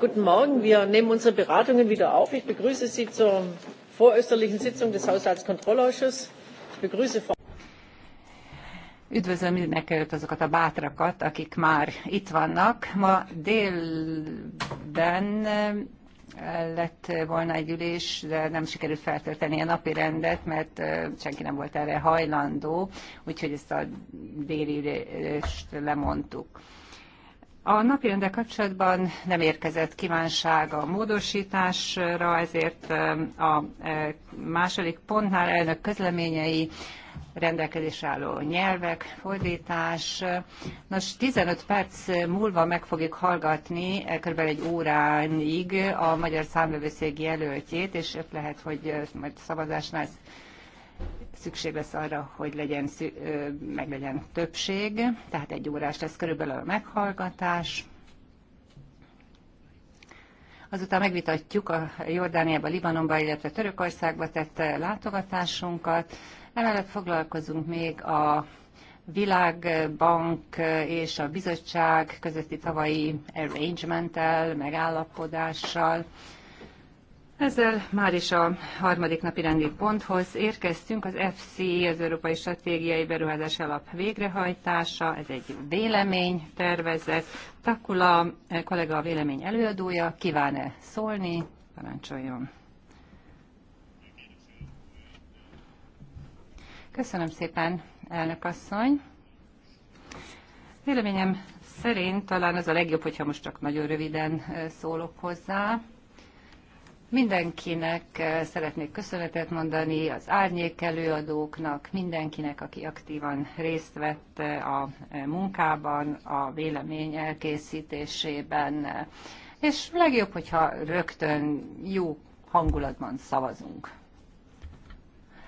Guten Morgen. Wir nehmen unsere Beratungen wieder auf. Ich begrüße Sie zur vorösterlichen Sitzung des Haushaltskontrollausschusses. Ich begrüße Frau Üdvözlöm mindenkelőtt azokat a bátrakat, akik már itt vannak. Ma délben eh, lett volna egy ülés, de nem sikerült feltölteni a napi rendet, mert eh, senki nem volt erre hajlandó, úgyhogy ezt a déli ülést lemondtuk. A napirendel kapcsolatban nem érkezett kívánság a módosításra, ezért a második pontnál elnök közleményei rendelkezésre álló nyelvek, fordítás. Nos, 15 perc múlva meg fogjuk hallgatni eh, kb. egy óránig a magyar számvevőszég jelöltjét, és lehet, hogy majd szavazásnál szükség lesz arra, hogy legyen, meg legyen többség, tehát egy órás lesz körülbelül a meghallgatás. Azután megvitatjuk a Jordániába, Libanonba, illetve Törökországba tett látogatásunkat. Emellett foglalkozunk még a Világbank és a bizottság közötti tavalyi arrangement megállapodással. Ezzel már is a harmadik napi rendi ponthoz érkeztünk, az FC, az Európai Stratégiai Beruházás Alap végrehajtása, ez egy vélemény tervezet. Takula eh, kollega a vélemény előadója, kíván-e szólni? Parancsoljon! Köszönöm szépen, elnök asszony! Véleményem szerint talán az a legjobb, hogyha most csak nagyon röviden eh, szólok hozzá. Mindenkinek eh, szeretnék köszönetet mondani, az árnyék előadóknak, mindenkinek, aki aktívan részt vett eh, a eh, munkában, a vélemény elkészítésében, és legjobb, hogyha rögtön jó hangulatban szavazunk.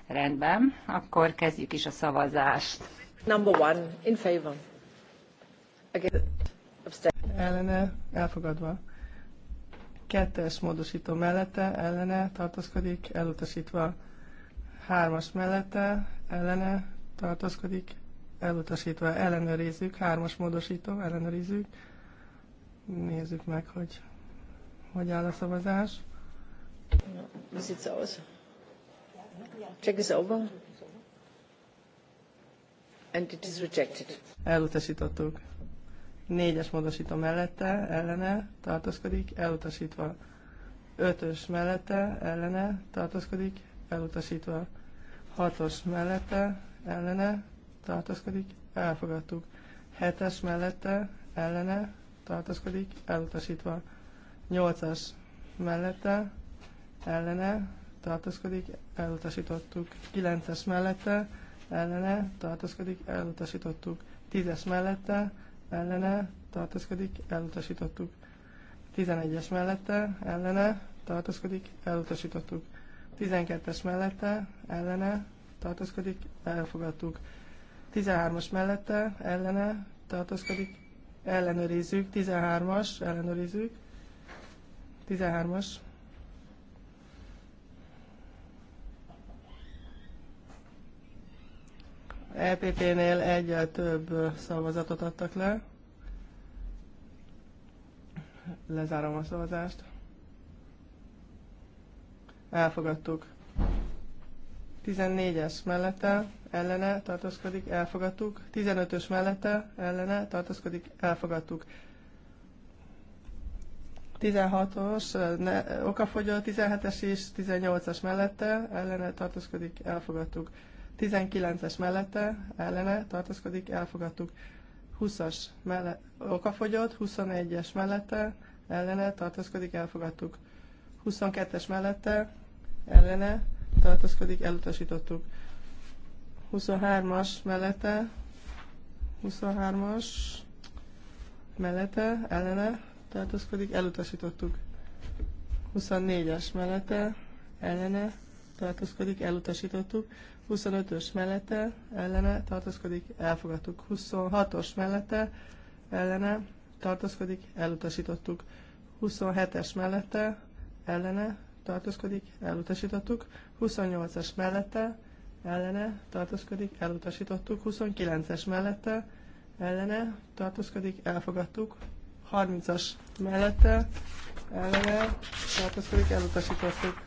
Rendben, akkor kezdjük is a szavazást. Number one, in favor. Against. Ellene, elfogadva. Kettes módosító mellette, ellene tartózkodik, elutasítva. Hármas mellette, ellene tartózkodik, elutasítva. Ellenőrizzük, hármas módosító, ellenőrizzük. Nézzük meg, hogy hogy áll a szavazás. Mi Check is over. And it is rejected. Elutasítottuk. Négyes módosító mellette, ellene, tartózkodik, elutasítva. Ötös mellette, ellene, tartózkodik, elutasítva. Hatos mellette, ellene, tartózkodik, elfogadtuk. Hetes mellette, ellene, tartózkodik, elutasítva. Nyolcas mellette, ellene, tartózkodik, elutasítottuk. Kilences mellette, ellene, tartózkodik, elutasítottuk. Tízes mellette, ellene tartózkodik, elutasítottuk. 11-es mellette ellene tartózkodik, elutasítottuk. 12-es mellette ellene tartózkodik, elfogadtuk. 13-as mellette ellene tartózkodik, ellenőrizzük. 13-as, ellenőrizzük. 13-as. EPP-nél egyel több szavazatot adtak le. Lezárom a szavazást. Elfogadtuk. 14-es mellette, ellene tartózkodik, elfogadtuk. 15-ös mellette, ellene tartózkodik, elfogadtuk. 16-os, okafogyó, 17-es is, 18-as mellette, ellene tartózkodik, elfogadtuk. 19-es mellette ellene tartózkodik, elfogadtuk. 20-as mellette okafogyott, 21-es mellette ellene tartózkodik, elfogadtuk. 22-es mellette ellene tartózkodik, elutasítottuk. 23-as mellette 23-as mellette ellene tartózkodik, elutasítottuk. 24-es mellette ellene tartózkodik, elutasítottuk. 25-ös mellette ellene tartózkodik, elfogadtuk. 26-os mellette ellene tartózkodik, elutasítottuk. 27-es mellette ellene tartózkodik, elutasítottuk. 28-as mellette ellene tartózkodik, elutasítottuk. 29-es mellette ellene tartózkodik, elfogadtuk. 30-as mellette ellene tartózkodik, elutasítottuk.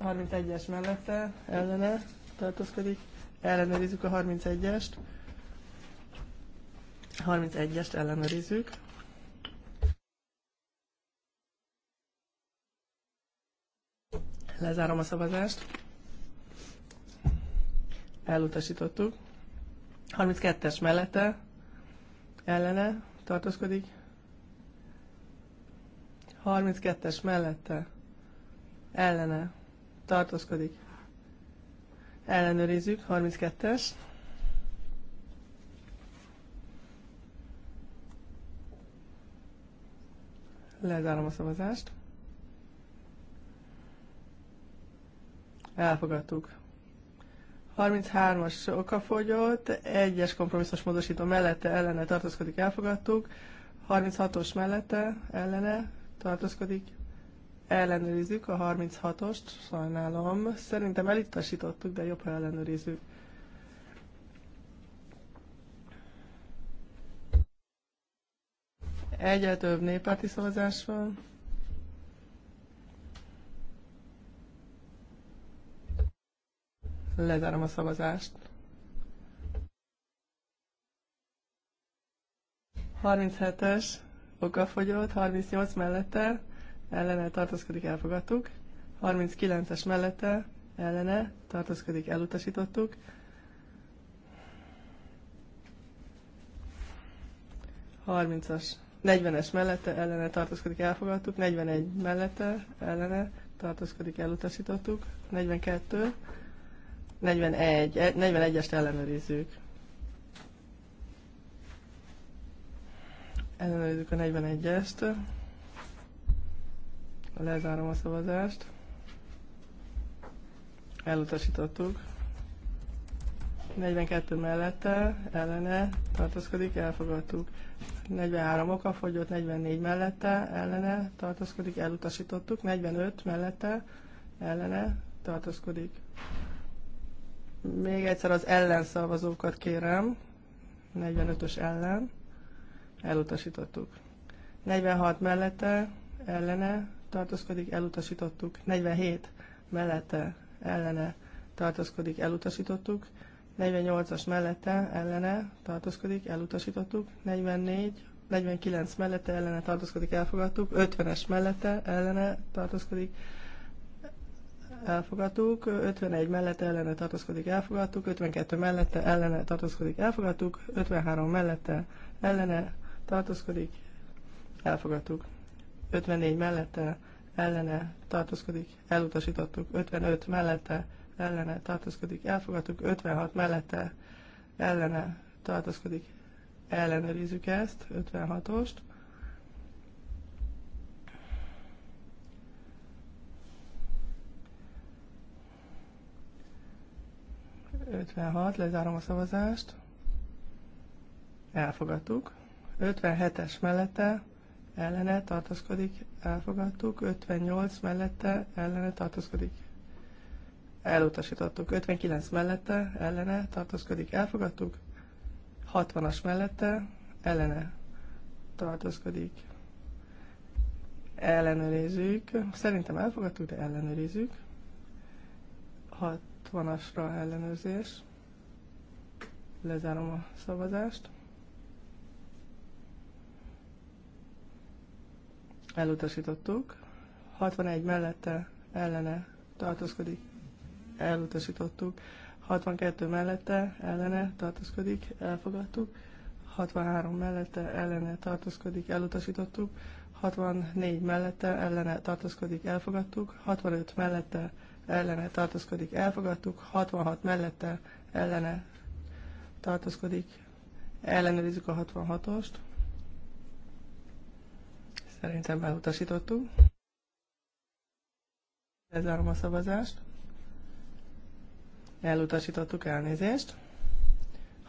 31-es mellette ellene tartózkodik. Ellenőrizzük a 31-est. 31-est ellenőrizzük. Lezárom a szavazást. Elutasítottuk. 32-es mellette ellene tartózkodik. 32-es mellette ellene tartózkodik. Ellenőrizzük, 32-es. Lezárom a szavazást. Elfogadtuk. 33-as okafogyott, 1-es kompromisszos módosító mellette ellene tartózkodik, elfogadtuk. 36-os mellette ellene tartózkodik, ellenőrizzük a 36-ost, sajnálom. Szerintem elittasítottuk, de jobb, ha ellenőrizzük. Egyre több néppárti szavazás van. Lezárom a szavazást. 37-es okafogyott, 38 mellette, ellene tartózkodik, elfogadtuk. 39-es mellette ellene tartózkodik, elutasítottuk. 30-as, 40-es mellette ellene tartózkodik, elfogadtuk. 41 mellette ellene tartózkodik, elutasítottuk. 42, 41, 41-est ellenőrizzük. Ellenőrizzük a 41-est. Lezárom a szavazást. Elutasítottuk. 42 mellette, ellene tartózkodik, elfogadtuk. 43 oka fogyott, 44 mellette, ellene tartózkodik, elutasítottuk. 45 mellette, ellene tartózkodik. Még egyszer az ellenszavazókat kérem. 45-ös ellen. Elutasítottuk. 46 mellette, ellene tartózkodik, elutasítottuk. 47 mellette, ellene tartózkodik, elutasítottuk. 48-as mellette, ellene tartózkodik, elutasítottuk. 44, 49 mellette, ellene tartózkodik, elfogadtuk. 50-es mellette, ellene tartózkodik, elfogadtuk, 51 mellette ellene tartózkodik, elfogadtuk, 52 mellette ellene tartózkodik, elfogadtuk, 53 mellette ellene tartózkodik, elfogadtuk. 54 mellette ellene tartózkodik, elutasítottuk. 55 mellette ellene tartózkodik, elfogadtuk. 56 mellette ellene tartózkodik, ellenőrizzük ezt, 56-ost. 56 lezárom a szavazást. Elfogadtuk. 57-es mellette ellene tartózkodik, elfogadtuk, 58 mellette ellene tartózkodik, elutasítottuk, 59 mellette ellene tartózkodik, elfogadtuk, 60-as mellette ellene tartózkodik, ellenőrizzük, szerintem elfogadtuk, de ellenőrizzük, 60-asra ellenőrzés, lezárom a szavazást, elutasítottuk. 61 mellette ellene tartózkodik, elutasítottuk. 62 mellette ellene tartózkodik, elfogadtuk. 63 mellette ellene tartózkodik, elutasítottuk. 64 mellette ellene tartózkodik, elfogadtuk. 65 mellette ellene tartózkodik, elfogadtuk. 66 mellette ellene tartózkodik, ellenőrizzük a 66-ost. Szerintem elutasítottuk. Lezárom a szavazást. Elutasítottuk elnézést.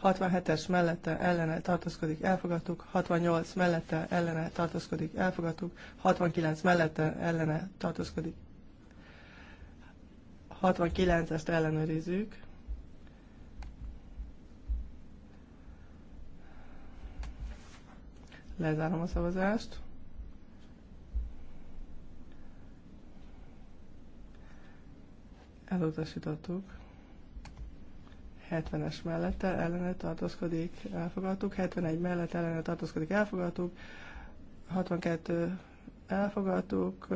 67-es mellette ellene tartózkodik, elfogadtuk, 68 mellette ellene tartózkodik, elfogadtuk, 69 mellette ellene tartózkodik. 69-est ellenőrizzük. Lezárom a szavazást. elutasítottuk. 70-es mellett ellene tartózkodik, elfogadtuk. 71 mellett ellene tartózkodik, elfogadtuk. 62 elfogadtuk.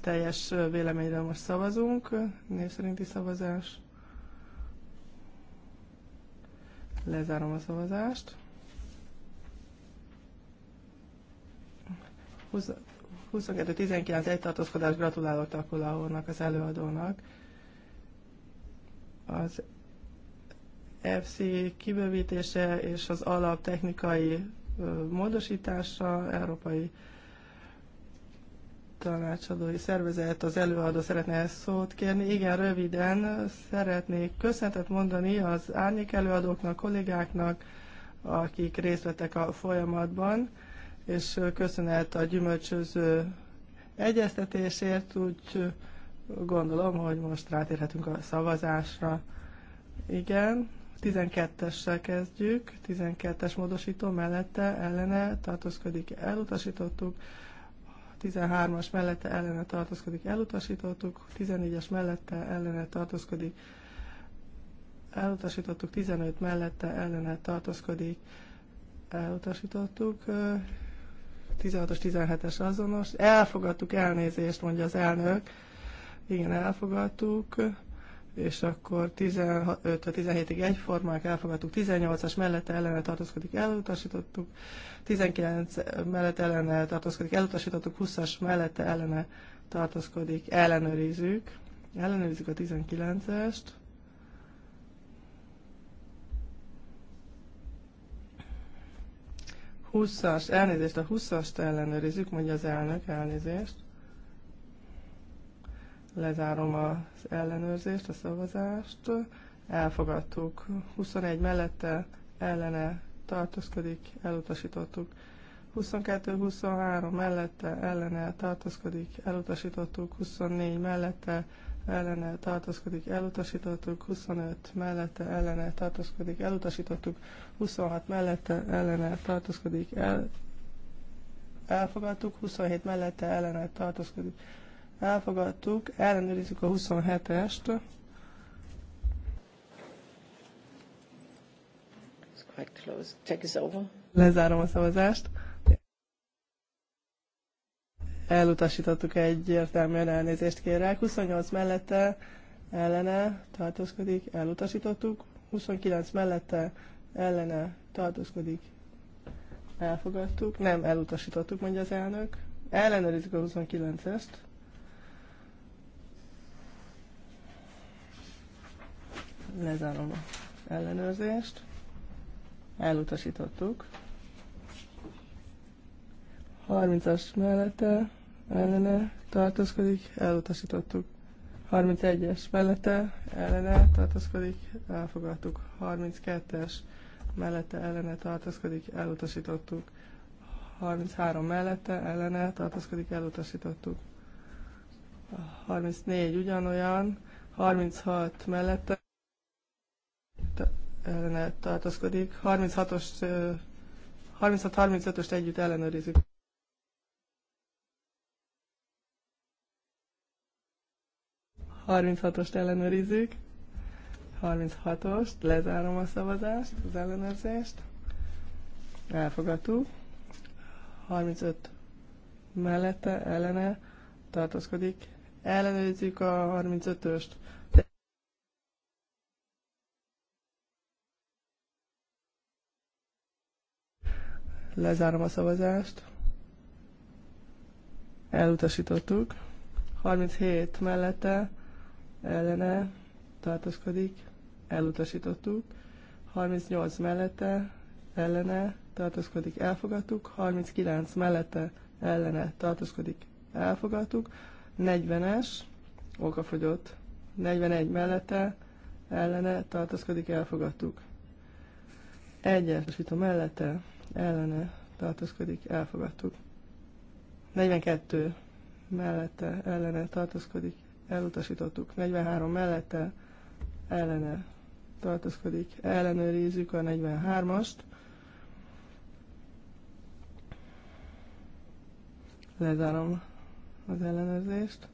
Teljes véleményre most szavazunk. Név szerinti szavazás. Lezárom a szavazást. 22-19 egy tartózkodás gratulálok Takula úrnak, az előadónak. Az FC kibővítése és az alaptechnikai módosítása, európai tanácsadói szervezet, az előadó szeretne ezt szót kérni. Igen, röviden szeretnék köszönetet mondani az árnyék előadóknak, kollégáknak, akik részt vettek a folyamatban és köszönet a gyümölcsöző egyeztetésért, úgy gondolom, hogy most rátérhetünk a szavazásra. Igen, 12-essel kezdjük, 12-es módosító mellette ellene tartózkodik, elutasítottuk, 13-as mellette ellene tartózkodik, elutasítottuk, 14-es mellette ellene tartózkodik, elutasítottuk, 15 mellette ellene tartózkodik, elutasítottuk, 16-os, 17-es azonos. Elfogadtuk elnézést, mondja az elnök. Igen, elfogadtuk és akkor 15-17-ig egyformák, elfogadtuk 18-as mellette ellene tartózkodik, elutasítottuk, 19 mellette ellene tartózkodik, elutasítottuk, 20-as mellette ellene tartózkodik, ellenőrizzük, ellenőrizzük a 19-est, 20-as, elnézést, a 20-ast ellenőrizzük, mondja az elnök, elnézést. Lezárom az ellenőrzést, a szavazást. Elfogadtuk. 21 mellette, ellene tartózkodik, elutasítottuk. 22-23 mellette, ellene tartózkodik, elutasítottuk. 24 mellette, ellene tartózkodik, elutasítottuk, 25 mellette ellene tartózkodik, elutasítottuk, 26 mellette ellene tartózkodik, el, elfogadtuk, 27 mellette ellene tartózkodik, elfogadtuk, ellenőrizzük a 27-est, Lezárom a szavazást. Elutasítottuk egyértelműen, elnézést kérek. 28 mellette ellene tartózkodik, elutasítottuk. 29 mellette ellene tartózkodik, elfogadtuk. Nem, elutasítottuk, mondja az elnök. Ellenőrizzük a 29-est. Lezárom a ellenőrzést. Elutasítottuk. 30-as mellette ellene tartózkodik, elutasítottuk. 31-es mellette ellene tartózkodik, elfogadtuk. 32-es mellette ellene tartózkodik, elutasítottuk. 33 mellette ellene tartózkodik, elutasítottuk. 34 ugyanolyan, 36 mellette ellene tartózkodik, 36-os 36-35-öst együtt ellenőrizzük. 36-ost ellenőrizzük. 36-ost, lezárom a szavazást, az ellenőrzést. Elfogadtuk. 35 mellette, ellene tartózkodik. Ellenőrizzük a 35-öst. Lezárom a szavazást. Elutasítottuk. 37 mellette, ellene tartózkodik, elutasítottuk. 38 mellette ellene tartózkodik, elfogadtuk. 39 mellette ellene tartózkodik, elfogadtuk. 40-es, okafogyott, 41 mellette ellene tartózkodik, elfogadtuk. 1-es, a mellette ellene tartózkodik, elfogadtuk. 42 mellette ellene tartózkodik, elutasítottuk. 43 mellette ellene tartozkodik, Ellenőrizzük a 43-ast. Lezárom az ellenőrzést.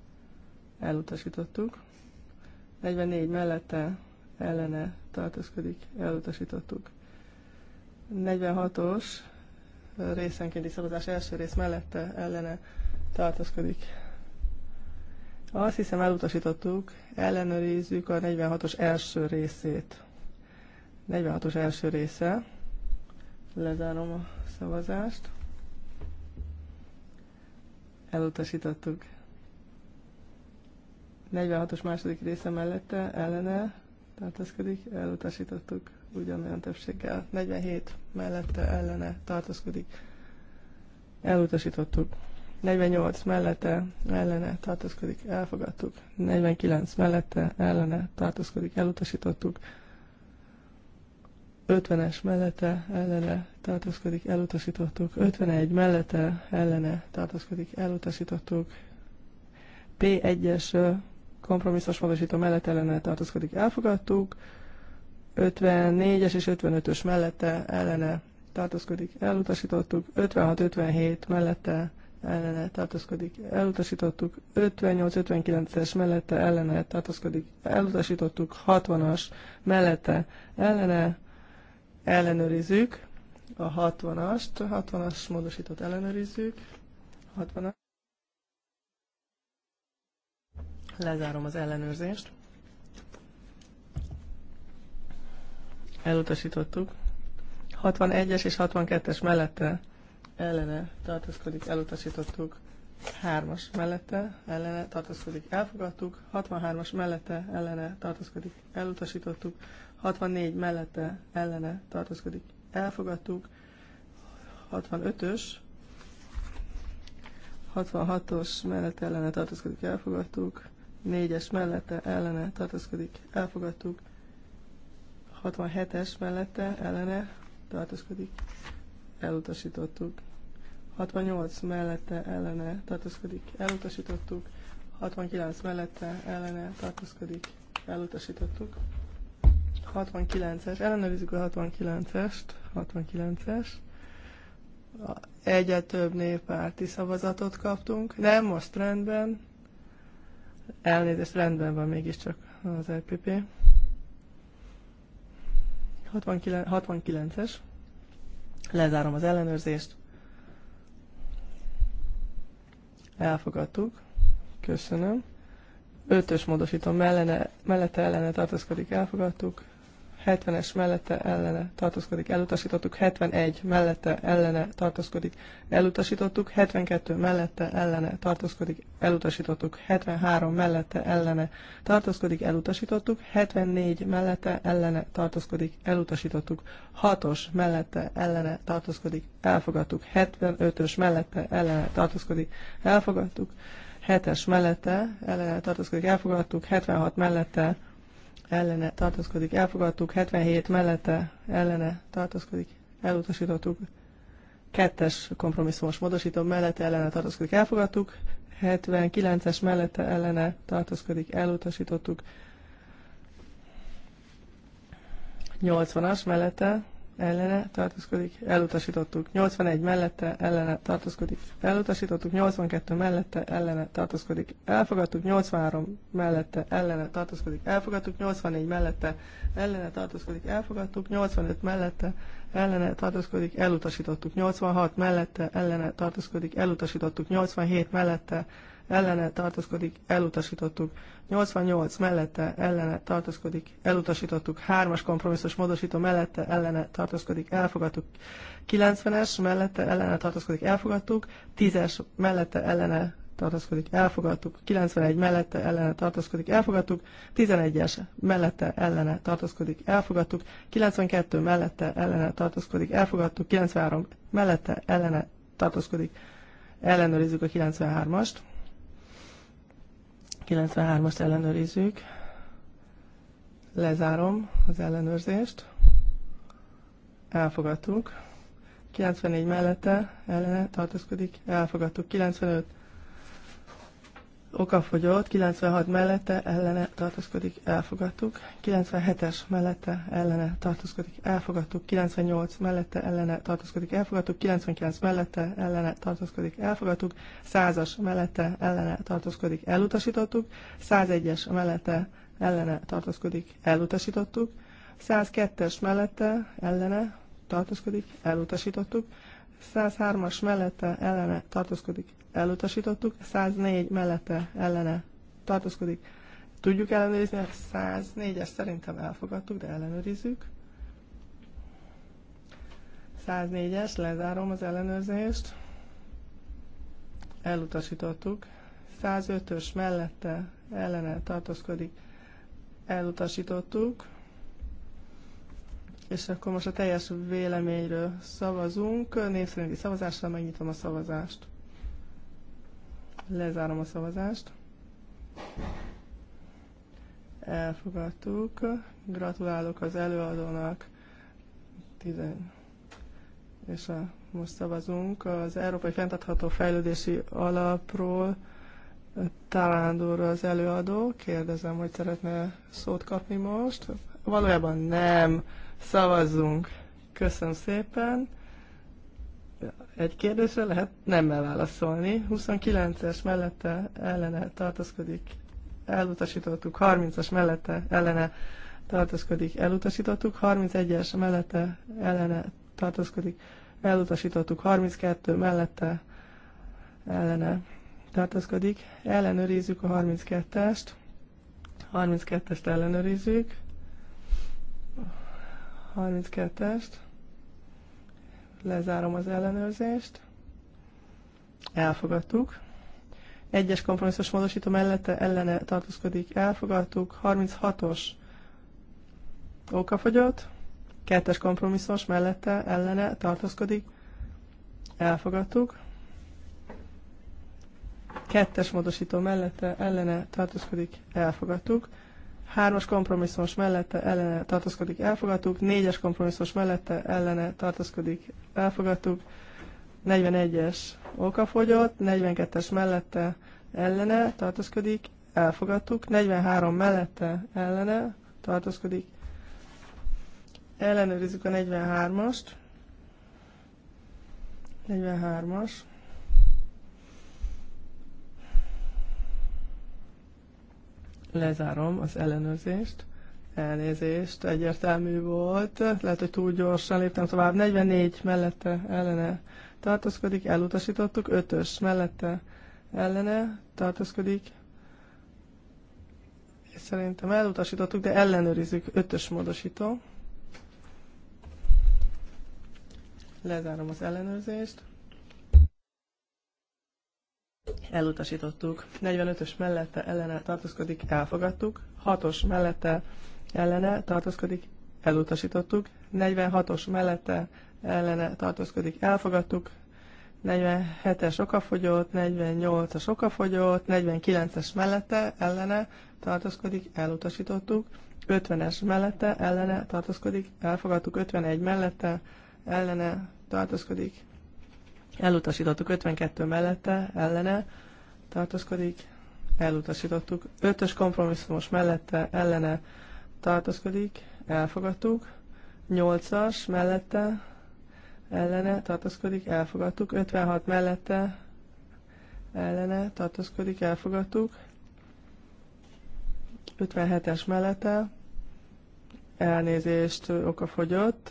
Elutasítottuk. 44 mellette ellene tartozkodik, Elutasítottuk. 46-os részenkénti szavazás első rész mellette ellene tartozkodik, azt hiszem elutasítottuk, ellenőrizzük a 46-os első részét. 46-os első része. Lezárom a szavazást. Elutasítottuk. 46-os második része mellette ellene tartózkodik, elutasítottuk ugyanolyan többséggel. 47 mellette ellene tartózkodik, elutasítottuk. 48 mellette ellene tartózkodik, elfogadtuk. 49 mellette ellene tartózkodik, elutasítottuk. 50-es mellette ellene tartózkodik, elutasítottuk. 51 mellette ellene tartózkodik, elutasítottuk. P1-es kompromisszos módosító mellett ellene tartózkodik, elfogadtuk. 54-es és 55-ös mellette ellene tartózkodik, elutasítottuk. 56-57 mellette ellene tartózkodik, elutasítottuk, 58-59-es mellette ellene tartózkodik, elutasítottuk, 60-as mellette ellene, ellenőrizzük, a 60-ast, 60-as módosított ellenőrizzük, 60-as. Lezárom az ellenőrzést. Elutasítottuk. 61-es és 62-es mellette ellene tartózkodik, elutasítottuk. 3-as mellette ellene tartózkodik, elfogadtuk. 63-as mellette ellene tartózkodik, elutasítottuk. 64 mellette ellene tartózkodik, elfogadtuk. 65-ös 66-os mellette ellene tartózkodik, elfogadtuk. 4-es mellette ellene tartózkodik, elfogadtuk. 67-es mellette ellene tartózkodik, elutasítottuk. 68 mellette ellene tartózkodik, elutasítottuk. 69 mellette ellene tartózkodik, elutasítottuk. 69-es, ellenőrizzük a 69-est, 69-es. Egyet több néppárti szavazatot kaptunk. Nem, most rendben. Elnézést, rendben van mégiscsak az LPP. 69-es. Lezárom az ellenőrzést. Elfogadtuk. Köszönöm. Ötös módosítom, mellene, mellette ellene tartózkodik. Elfogadtuk. 70-es mellette ellene tartózkodik, elutasítottuk, 71 mellette ellene tartózkodik, elutasítottuk, 72 mellette ellene tartózkodik, elutasítottuk, 73 mellette ellene tartózkodik, elutasítottuk, 74 mellette ellene tartózkodik, elutasítottuk, 6-os mellette ellene tartózkodik, elfogadtuk, 75-ös mellette ellene tartózkodik, elfogadtuk, 7-es mellette ellene tartózkodik, elfogadtuk, 76 mellette ellene tartózkodik, elfogadtuk, 77 mellette ellene tartózkodik, elutasítottuk, kettes kompromisszumos módosító mellette ellene tartózkodik, elfogadtuk, 79-es mellette ellene tartózkodik, elutasítottuk, 80-as mellette ellene tartózkodik, elutasítottuk. 81 mellette ellene tartózkodik, elutasítottuk. 82 mellette ellene tartózkodik, elfogadtuk. 83 mellette ellene tartózkodik, elfogadtuk. 84 mellette ellene tartózkodik, elfogadtuk. 85 mellette ellene tartózkodik, elutasítottuk. 86 mellette ellene tartózkodik, elutasítottuk. 87 mellette ellene tartózkodik, elutasítottuk. 88 mellette ellene tartózkodik, elutasítottuk. 3-as kompromisszus módosító mellette ellene tartózkodik, elfogadtuk. 90-es mellette ellene tartózkodik, elfogadtuk. 10-es mellette ellene tartózkodik, elfogadtuk. 91 mellette ellene tartózkodik, elfogadtuk. 11-es mellette ellene tartózkodik, elfogadtuk. 92 mellette ellene tartózkodik, elfogadtuk. 93 mellette ellene tartózkodik, ellenőrizzük a 93-ast. 93 as ellenőrizzük. Lezárom az ellenőrzést. Elfogadtuk. 94 mellette ellene tartózkodik. Elfogadtuk. 95 okafogyott, 96 mellette ellene tartózkodik, elfogadtuk, 97-es mellette ellene tartózkodik, elfogadtuk, 98 mellette ellene tartózkodik, elfogadtuk, 99 mellette ellene tartózkodik, elfogadtuk, 100-as mellette ellene tartózkodik, elutasítottuk, 101-es mellette ellene tartózkodik, elutasítottuk, 102-es mellette ellene tartózkodik, elutasítottuk, 103-as mellette ellene tartózkodik, elutasítottuk, 104 mellette ellene tartózkodik. Tudjuk ellenőrizni, 104-es szerintem elfogadtuk, de ellenőrizzük. 104-es, lezárom az ellenőrzést. Elutasítottuk. 105-ös mellette ellene tartózkodik. Elutasítottuk. És akkor most a teljes véleményről szavazunk. Név szerinti szavazással megnyitom a szavazást. Lezárom a szavazást. Elfogadtuk. Gratulálok az előadónak. Tizen... És a, most szavazunk az Európai Fentartható Fejlődési Alapról. Talándor az előadó. Kérdezem, hogy szeretne szót kapni most. Valójában nem. Szavazzunk. Köszönöm szépen. Egy kérdésre lehet nemmel válaszolni. 29-es mellette ellene tartozkodik, elutasítottuk. 30-as mellette ellene tartozkodik, elutasítottuk. 31-es mellette ellene tartozkodik, elutasítottuk. 32 mellette ellene tartozkodik, Ellenőrizzük a 32-est. 32-est ellenőrizzük. 32-est. Lezárom az ellenőrzést. Elfogadtuk. Egyes kompromisszos módosító mellette ellene tartózkodik. Elfogadtuk. 36-os okafogyott. Kettes kompromisszos mellette ellene tartózkodik. Elfogadtuk. Kettes módosító mellette ellene tartózkodik. Elfogadtuk. Hármas kompromisszumos mellette ellene tartozkodik elfogadtuk. Négyes kompromisszumos mellette ellene tartozkodik elfogadtuk. 41-es okafogyott, 42-es mellette ellene tartozkodik elfogadtuk. 43 mellette ellene tartozkodik Ellenőrizzük a 43-ast. 43-as. Lezárom az ellenőrzést. Elnézést, egyértelmű volt. Lehet, hogy túl gyorsan léptem tovább. 44 mellette ellene tartózkodik, elutasítottuk. 5-ös mellette ellene tartózkodik. Szerintem elutasítottuk, de ellenőrizzük. 5-ös módosító. Lezárom az ellenőrzést. Elutasítottuk. 45-ös mellette ellene tartózkodik, elfogadtuk. 6-os mellette ellene tartózkodik, elutasítottuk. 46-os mellette ellene tartózkodik, elfogadtuk. 47-es okafogyót, 48-as okafogyót, 49-es mellette ellene tartózkodik, elutasítottuk. 50-es mellette ellene tartózkodik, elfogadtuk. 51 mellette ellene tartózkodik, Elutasítottuk 52 mellette, ellene tartózkodik. Elutasítottuk. 5-ös kompromisszumos mellette, ellene tartózkodik. Elfogadtuk. 8-as mellette, ellene tartózkodik. Elfogadtuk. 56 mellette, ellene tartózkodik. Elfogadtuk. 57-es mellette, elnézést okafogyott,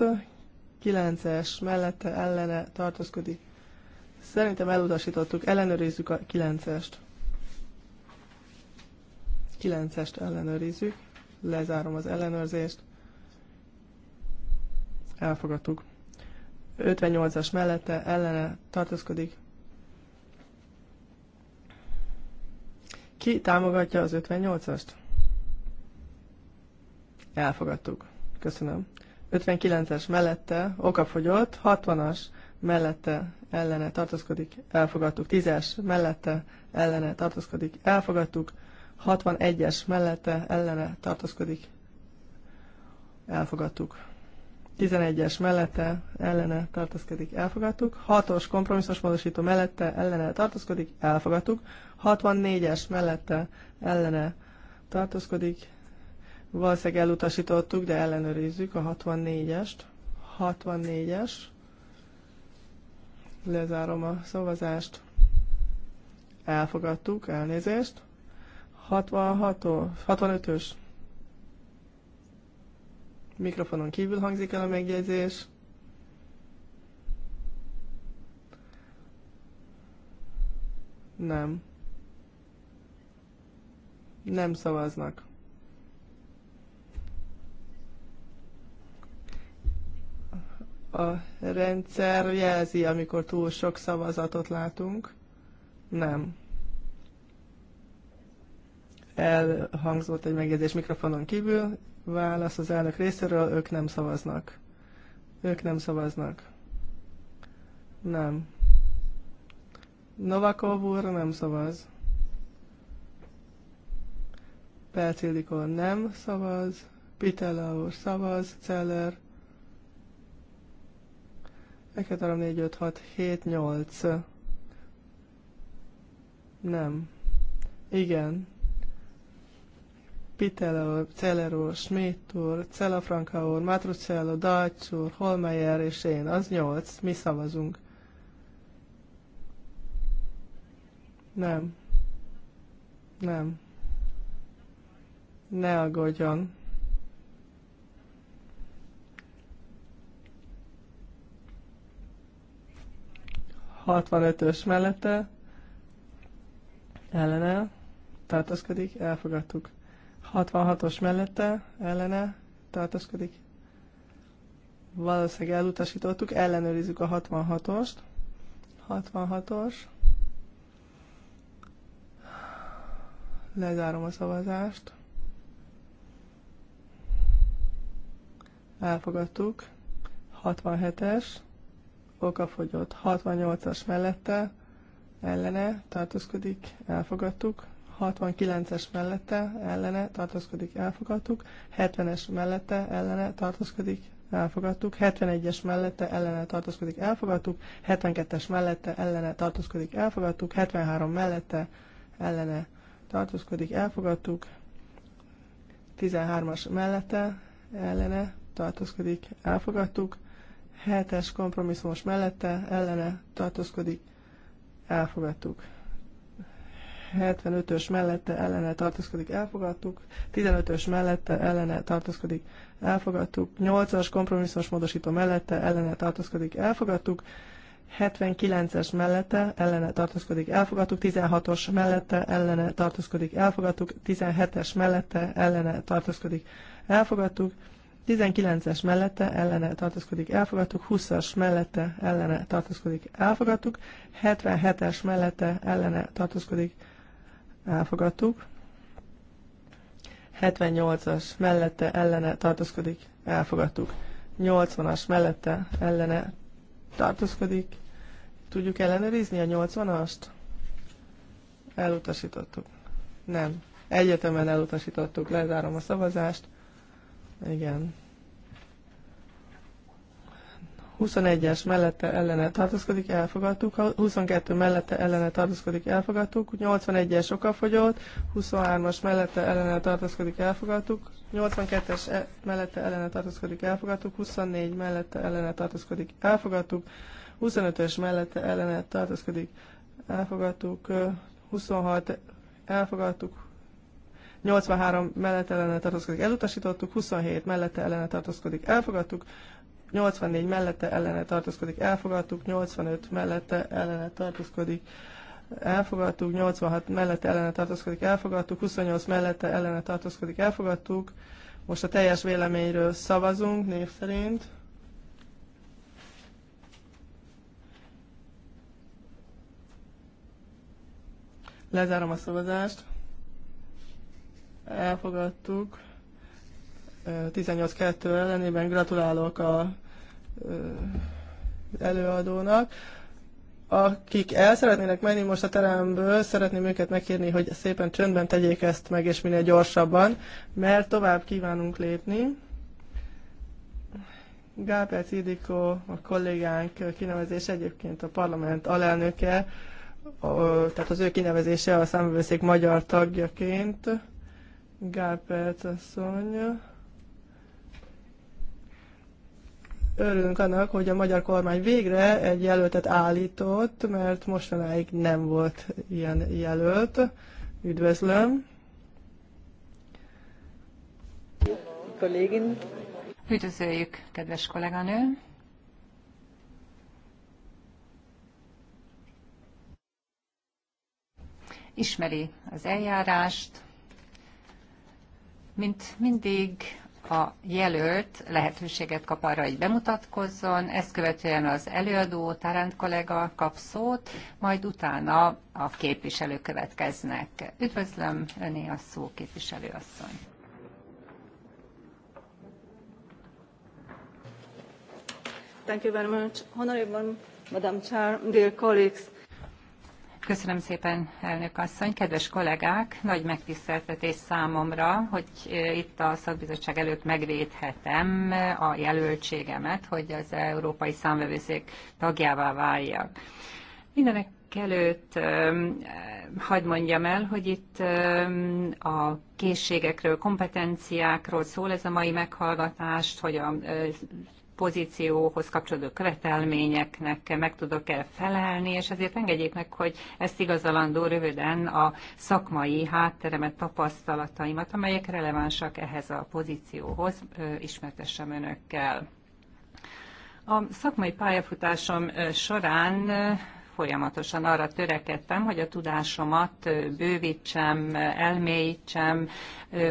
9-es mellette ellene tartózkodik, Szerintem elutasítottuk, ellenőrizzük a 9-est. 9-est ellenőrizzük, lezárom az ellenőrzést. Elfogadtuk. 58-as mellette ellene tartózkodik. Ki támogatja az 58-ast? Elfogadtuk. Köszönöm. 59-es mellette okafogyott, 60-as mellette ellene tartózkodik, elfogadtuk. 10-es mellette ellene tartózkodik, elfogadtuk. 61-es mellette ellene tartózkodik, elfogadtuk. 11-es mellette ellene tartózkodik, elfogadtuk. 6-os kompromisszos módosító mellette ellene tartózkodik, elfogadtuk. 64-es mellette ellene tartózkodik, valószínűleg elutasítottuk, de ellenőrizzük a 64-est. 64-es. Lezárom a szavazást. Elfogadtuk, elnézést. 66 65-ös. Mikrofonon kívül hangzik el a megjegyzés. Nem. Nem szavaznak. A rendszer jelzi, amikor túl sok szavazatot látunk. Nem. Elhangzott egy megjegyzés mikrofonon kívül. Válasz az elnök részéről, ők nem szavaznak. Ők nem szavaznak. Nem. Novakov úr nem szavaz. Perc nem szavaz, Pitela úr szavaz, Celler 1, 2, 3, 4, 5, 6, 7, 8. Nem. Igen. Pitello, Celero, Schmidt úr, Celafranca úr, Matrucello, Dajcs úr, Holmeyer és én. Az 8. Mi szavazunk. Nem. Nem. Ne aggódjon. 65-ös mellette ellene tartózkodik, elfogadtuk. 66-os mellette ellene tartózkodik. Valószínűleg elutasítottuk, ellenőrizzük a 66-ost. 66-os. Lezárom a szavazást. Elfogadtuk. 67-es okafogyott 68-as mellette, ellene tartózkodik, elfogadtuk. 69-es mellette, ellene tartózkodik, elfogadtuk. 70-es mellette, ellene tartózkodik, elfogadtuk, 71-es mellette ellene tartózkodik, elfogadtuk, 72-es mellette ellene tartózkodik, elfogadtuk, 73 mellette ellene tartózkodik, elfogadtuk, 13-as mellette ellene tartózkodik, elfogadtuk, Hetes kompromisszumos mellette ellene tartózkodik. Elfogadtuk. 75-ös mellette ellene tartózkodik, elfogadtuk. 15-ös mellette ellene tartózkodik, elfogadtuk. 8-as kompromisszumos módosító mellette ellene tartózkodik, elfogadtuk. 79-es mellette ellene tartózkodik, elfogadtuk. 16-os mellette ellene tartózkodik, elfogadtuk. 17-es mellette ellene tartózkodik, elfogadtuk. 19-es mellette ellene tartózkodik, elfogadtuk. 20-as mellette ellene tartózkodik, elfogadtuk. 77-es mellette ellene tartózkodik, elfogadtuk. 78-as mellette ellene tartózkodik, elfogadtuk. 80-as mellette ellene tartózkodik. Tudjuk ellenőrizni a 80-ast? Elutasítottuk. Nem. Egyetemen elutasítottuk, lezárom a szavazást. Igen. 21-es mellette ellene tartózkodik, elfogadtuk. 22 mellette ellene tartózkodik, elfogadtuk. 81-es fogyott. 23-as mellette ellene tartózkodik, elfogadtuk. 82-es e mellette ellene tartózkodik, elfogadtuk. 24 mellette ellene tartózkodik, elfogadtuk. 25-ös mellette ellene tartózkodik, elfogadtuk. 26 elfogadtuk, 83 mellette ellene tartózkodik, elutasítottuk, 27 mellette ellene tartózkodik, elfogadtuk, 84 mellette ellene tartózkodik, elfogadtuk, 85 mellette ellene tartózkodik, elfogadtuk, 86 mellette ellene tartózkodik, elfogadtuk, 28 mellette ellene tartózkodik, elfogadtuk. Most a teljes véleményről szavazunk név szerint. Lezárom a szavazást elfogadtuk. 18-2 ellenében gratulálok a előadónak. Akik el szeretnének menni most a teremből, szeretném őket megkérni, hogy szépen csöndben tegyék ezt meg, és minél gyorsabban, mert tovább kívánunk lépni. Gálperc Cidikó, a kollégánk kinevezés egyébként a parlament alelnöke, tehát az ő kinevezése a számvevőszék magyar tagjaként Gálpelt asszony. Örülünk annak, hogy a magyar kormány végre egy jelöltet állított, mert mostanáig nem volt ilyen jelölt. Üdvözlöm! kollégin. Üdvözöljük, kedves kolléganő! Ismeri az eljárást, mint mindig a jelölt lehetőséget kap arra, hogy bemutatkozzon, ezt követően az előadó, Tarant kollega kap szót, majd utána a képviselő következnek. Üdvözlöm, öné a szó, képviselőasszony. Thank you very much. Honorable Madam Chair, dear colleagues, Köszönöm szépen, elnök asszony. Kedves kollégák, nagy megtiszteltetés számomra, hogy e, itt a szakbizottság előtt megvédhetem e, a jelöltségemet, hogy az Európai Számvevőszék tagjává váljak. Mindenek előtt e, hagyd mondjam el, hogy itt a készségekről, kompetenciákról szól ez a mai meghallgatást, hogy a pozícióhoz kapcsolódó követelményeknek meg tudok-e felelni, és ezért engedjék meg, hogy ezt igazalandó röviden a szakmai hátteremet, tapasztalataimat, amelyek relevánsak ehhez a pozícióhoz, ismertessem önökkel. A szakmai pályafutásom során folyamatosan arra törekedtem, hogy a tudásomat bővítsem, elmélyítsem,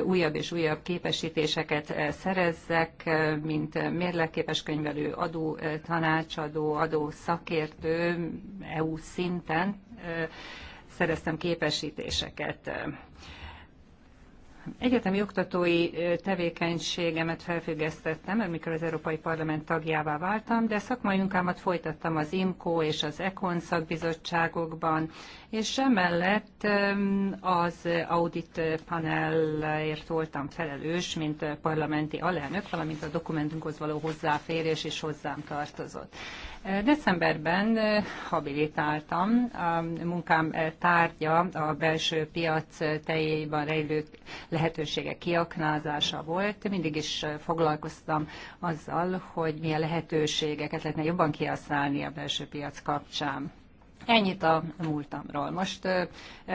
újabb és újabb képesítéseket szerezzek, mint mérleképes könyvelő, adó tanácsadó, adó szakértő EU szinten szereztem képesítéseket egyetemi oktatói tevékenységemet felfüggesztettem, mikor az Európai Parlament tagjává váltam, de szakmai munkámat folytattam az IMCO és az ECON szakbizottságokban, és emellett az audit panelért voltam felelős, mint parlamenti alelnök, valamint a dokumentumhoz való hozzáférés is hozzám tartozott. Decemberben eh, habilitáltam, a munkám eh, tárgya a belső piac eh, teljében rejlő lehetőségek kiaknázása volt. Mindig is foglalkoztam azzal, hogy milyen lehetőségeket lehetne jobban kihasználni a belső piac kapcsán. Ennyit a múltamról. Most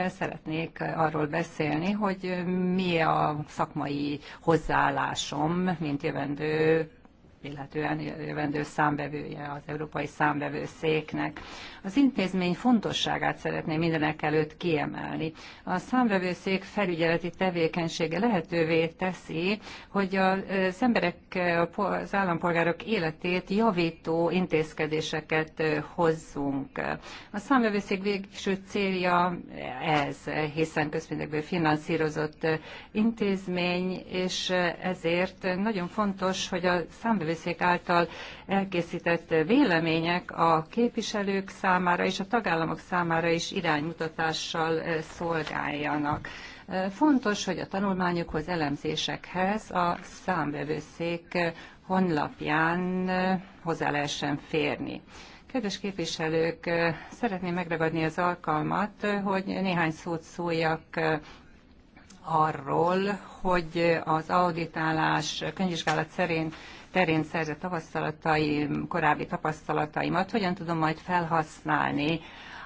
szeretnék arról beszélni, hogy mi a szakmai hozzáállásom, mint jövendő illetően jövendő számbevője az Európai Számbevőszéknek. Az intézmény fontosságát szeretném mindenek előtt kiemelni. A számbevőszék felügyeleti tevékenysége lehetővé teszi, hogy az emberek, az állampolgárok életét javító intézkedéseket hozzunk. A számbevőszék végső célja ez, hiszen közpénzekből finanszírozott intézmény, és ezért nagyon fontos, hogy a számbevőszék számvevőszék által elkészített vélemények a képviselők számára és a tagállamok számára is iránymutatással eh, szolgáljanak. Eh, fontos, hogy a tanulmányokhoz, elemzésekhez a számvevőszék eh, honlapján hozzá lehessen férni. Kedves képviselők, szeretném megragadni az alkalmat, hogy néhány szót szóljak arról, hogy az auditálás könyvvizsgálat szerint terén szerzett tapasztalataim, korábbi tapasztalataimat hogyan tudom majd felhasználni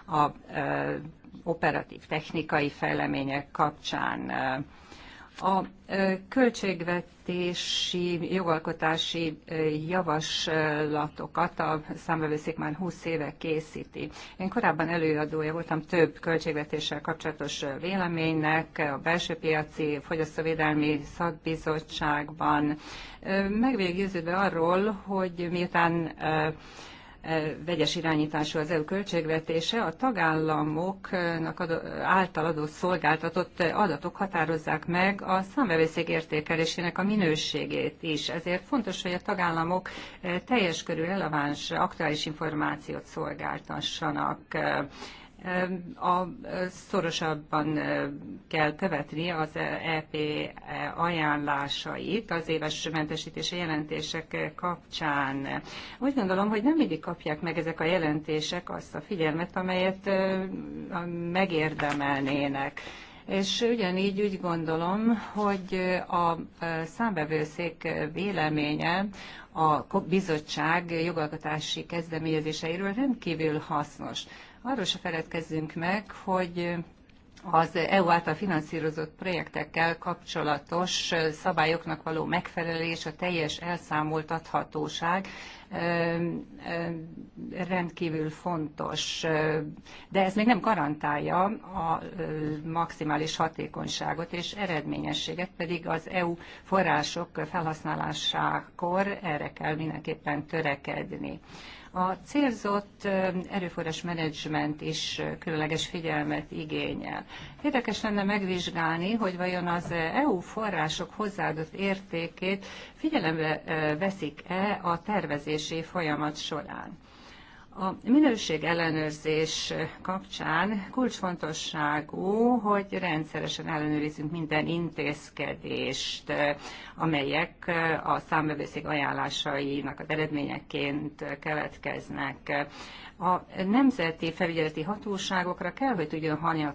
a operatív technikai fejlemények kapcsán a költségvetési, jogalkotási javaslatokat a számbevőszék már 20 éve készíti. Én korábban előadója voltam több költségvetéssel kapcsolatos véleménynek, a belső piaci fogyasztóvédelmi szakbizottságban. Megvégződve arról, hogy miután vegyes irányítású az EU költségvetése, a tagállamoknak adó, által adott szolgáltatott adatok határozzák meg a számbevészék értékelésének a minőségét is. Ezért fontos, hogy a tagállamok teljes körű releváns, aktuális információt szolgáltassanak a szorosabban kell követni az EP ajánlásait az éves mentesítési jelentések kapcsán. Úgy gondolom, hogy nem mindig kapják meg ezek a jelentések azt a figyelmet, amelyet megérdemelnének. És ugyanígy úgy gondolom, hogy a számbevőszék véleménye a bizottság jogalkotási kezdeményezéseiről rendkívül hasznos. Arról se feledkezzünk meg, hogy az EU által finanszírozott projektekkel kapcsolatos szabályoknak való megfelelés, a teljes elszámoltathatóság rendkívül fontos, de ez még nem garantálja a maximális hatékonyságot és eredményességet, pedig az EU források felhasználásakor erre kell mindenképpen törekedni. A célzott erőforrás menedzsment is különleges figyelmet igényel. Érdekes lenne megvizsgálni, hogy vajon az EU források hozzáadott értékét figyelembe veszik-e a tervezési folyamat során. A minőség ellenőrzés kapcsán kulcsfontosságú, hogy rendszeresen ellenőrizzünk minden intézkedést, amelyek a számbevőszék ajánlásainak az eredményeként keletkeznek a nemzeti felügyeleti hatóságokra kell, hogy tudjon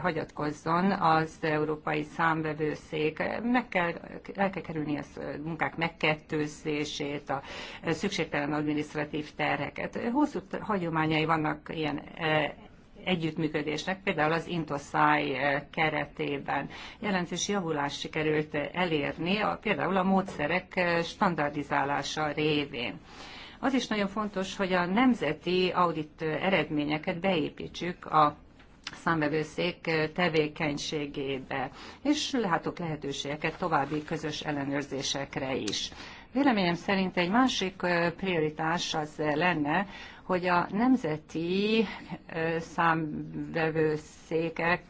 hagyatkozzon az Európai Számvevőszék. Meg kell, el kell kerülni a munkák megkettőzését, a szükségtelen adminisztratív terheket. Hosszú hagyományai vannak ilyen e, együttműködésnek, például az Intosai e, keretében jelentős javulást sikerült elérni, például a módszerek e, standardizálása révén. Az is nagyon fontos, hogy a nemzeti audit eredményeket beépítsük a számbevőszék tevékenységébe, és látok lehetőségeket további közös ellenőrzésekre is. Véleményem szerint egy másik prioritás az lenne, hogy a nemzeti számvevőszékek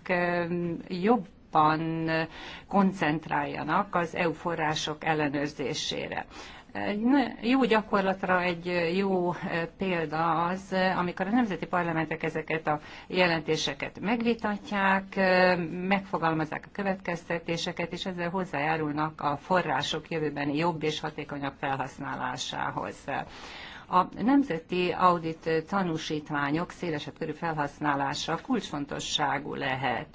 jobban koncentráljanak az EU források ellenőrzésére. Egy jó gyakorlatra egy jó példa az, amikor a nemzeti parlamentek ezeket a jelentéseket megvitatják, megfogalmazzák a következtetéseket, és ezzel hozzájárulnak a források jövőbeni jobb és hatékonyabb felhasználásához. A nemzeti audit tanúsítványok szélesebb körű felhasználása kulcsfontosságú lehet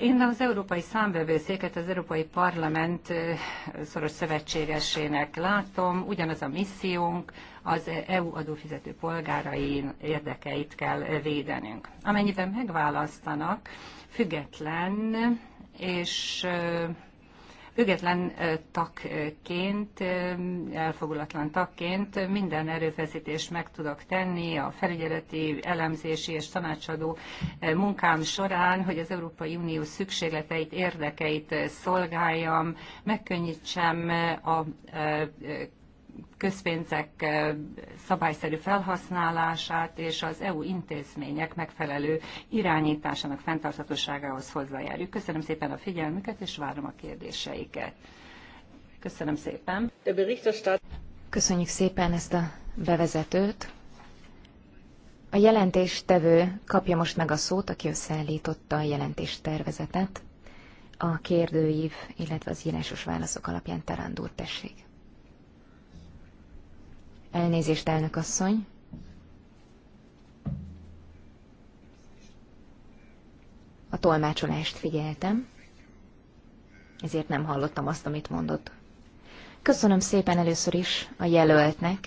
én az Európai Számbevőszéket az Európai Parlament szoros szövetségesének látom. Ugyanaz a missziónk, az EU adófizető polgárai érdekeit kell védenünk. Amennyiben megválasztanak, független és Független tagként, elfogulatlan tagként minden erőfeszítést meg tudok tenni a felügyeleti, elemzési és tanácsadó munkám során, hogy az Európai Unió szükségleteit, érdekeit szolgáljam, megkönnyítsem a közpénzek eh, szabályszerű felhasználását és az EU intézmények megfelelő irányításának fenntarthatóságához hozzájárjuk. Köszönöm szépen a figyelmüket, és várom a kérdéseiket. Köszönöm szépen. Köszönjük szépen ezt a bevezetőt. A jelentéstevő kapja most meg a szót, aki összeállította a jelentéstervezetet. A kérdőív, illetve az írásos válaszok alapján Tarándúr tessék. Elnézést, elnök asszony. A tolmácsolást figyeltem, ezért nem hallottam azt, amit mondott. Köszönöm szépen először is a jelöltnek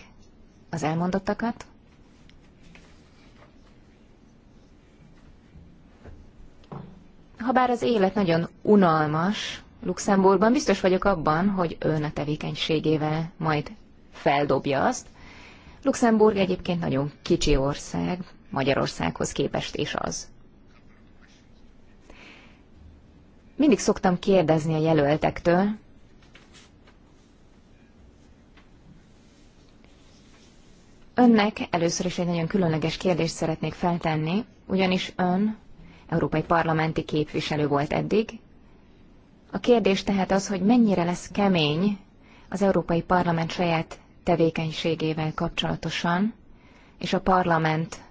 az elmondottakat. Habár az élet nagyon unalmas Luxemburgban, biztos vagyok abban, hogy ön a tevékenységével majd feldobja azt. Luxemburg egyébként nagyon kicsi ország, Magyarországhoz képest is az. Mindig szoktam kérdezni a jelöltektől, Önnek először is egy nagyon különleges kérdést szeretnék feltenni, ugyanis ön európai parlamenti képviselő volt eddig. A kérdés tehát az, hogy mennyire lesz kemény az európai parlament saját tevékenységével kapcsolatosan, és a parlament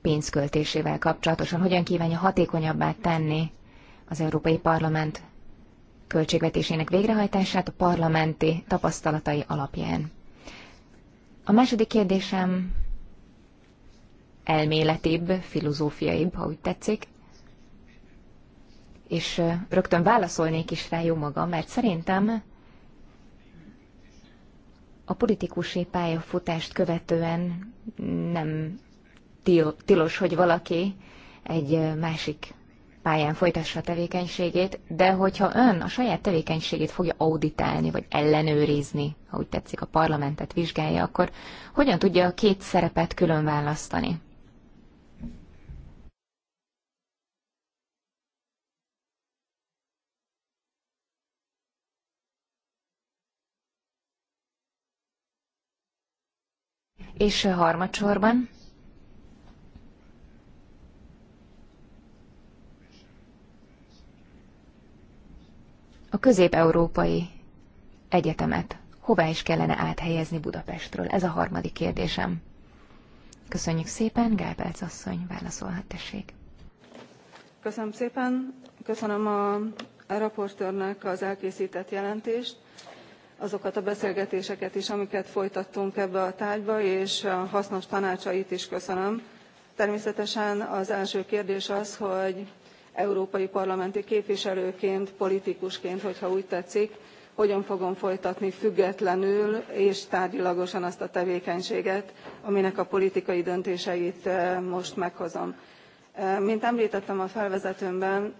pénzköltésével kapcsolatosan hogyan kívánja hatékonyabbá tenni az Európai Parlament költségvetésének végrehajtását a parlamenti tapasztalatai alapján. A második kérdésem elméletibb, filozófiaibb, ha úgy tetszik, és rögtön válaszolnék is rá jó magam, mert szerintem a politikusi pályafutást követően nem til tilos, hogy valaki egy másik pályán folytassa a tevékenységét, de hogyha ön a saját tevékenységét fogja auditálni, vagy ellenőrizni, ha úgy tetszik, a parlamentet vizsgálja, akkor hogyan tudja a két szerepet külön választani? És harmadsorban a közép-európai egyetemet hová is kellene áthelyezni Budapestről? Ez a harmadik kérdésem. Köszönjük szépen, Gálpelc asszony, válaszolhat tessék. Köszönöm szépen, köszönöm a raportőrnek az elkészített jelentést azokat a beszélgetéseket is amiket folytattunk ebbe a tárgyba és a hasznos tanácsait is köszönöm. természetesen az első kérdés az hogy európai parlamenti képviselőként politikusként hogyha úgy tetszik hogyan fogom folytatni függetlenül és tárgyilagosan azt a tevékenységet aminek a politikai döntéseit most meghozom mint emltettem a felvezetőmben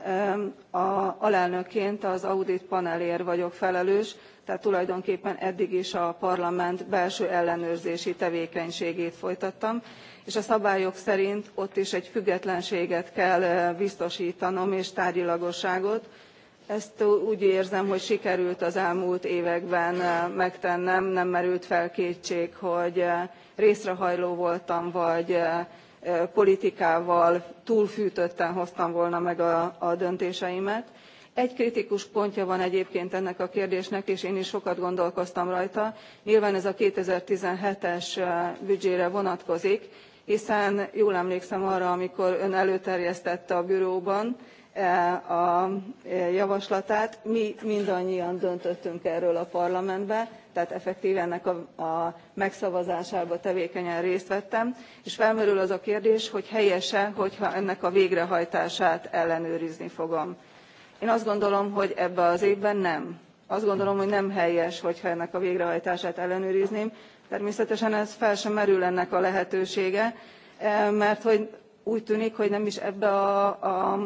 alelnökként az audit panelért vagyok felelős tehát tulajdonképpen eddig is a parlament belső ellenőrzési tevékenységét folytattam és a szabályok szerint ott is egy függetlenséget kell biztostanom és tárgyilagosságot. ezt úgy érzem hogy sikerült az elmúlt években megtennem nem merült fel kétség hogy részrehajló voltam vagy politikával túlfűtötten hoztam volna meg a, döntéseimet. egy kritikus pontja van egyébként ennek a kérdésnek és én is sokat gondolkoztam rajta nyilván ez a two thousand and seventeen es büdzsére vonatkozik hiszen jól emlékszem arra amikor ön előterjesztette a büróban a javaslatát mi mindannyian döntöttünk erről a parlamentben tehát effektve ennek a, megszavazásában tevékenyen részt vettem és felmerül az a kérdés hogy helyes e hogyha ennek a végrehajtását ellenőrizni fogom. én azt gondolom hogy ebben az évben nem. azt gondolom hogy nem helyes hogyha ennek a végrehajtását ellenőrizném természetesen ez fel sem merül ennek a lehetősége eh, mert hogy úgy tűnik hogy nem is ebben a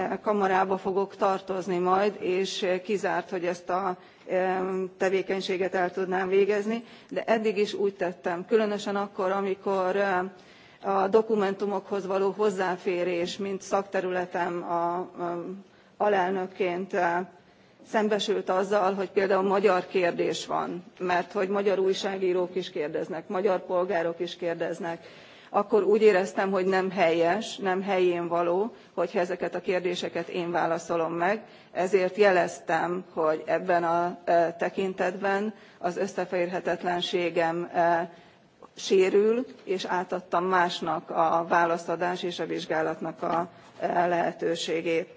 E, kamarába fogok tartozni majd és kizárt hogy ezt a e, tevékenységet el tudnám végezni de eddig is úgy tettem különösen akkor amikor e, a dokumentumokhoz való hozzáférés mint szakterületem alelnökként szembesült azzal hogy például magyar kérdés van mert hogy magyar újságrók is kérdeznek magyar polgárok is kérdeznek akkor úgy éreztem hogy nem helyes nem helyénvaló hogyha ezeket a kérdéseket én válaszolom meg ezért jeleztem hogy ebben a e, tekintetben az összeférhetetlenségem e, sérül és átadtam másnak a válaszadás és a vizsgálatnak a e, lehetőségét.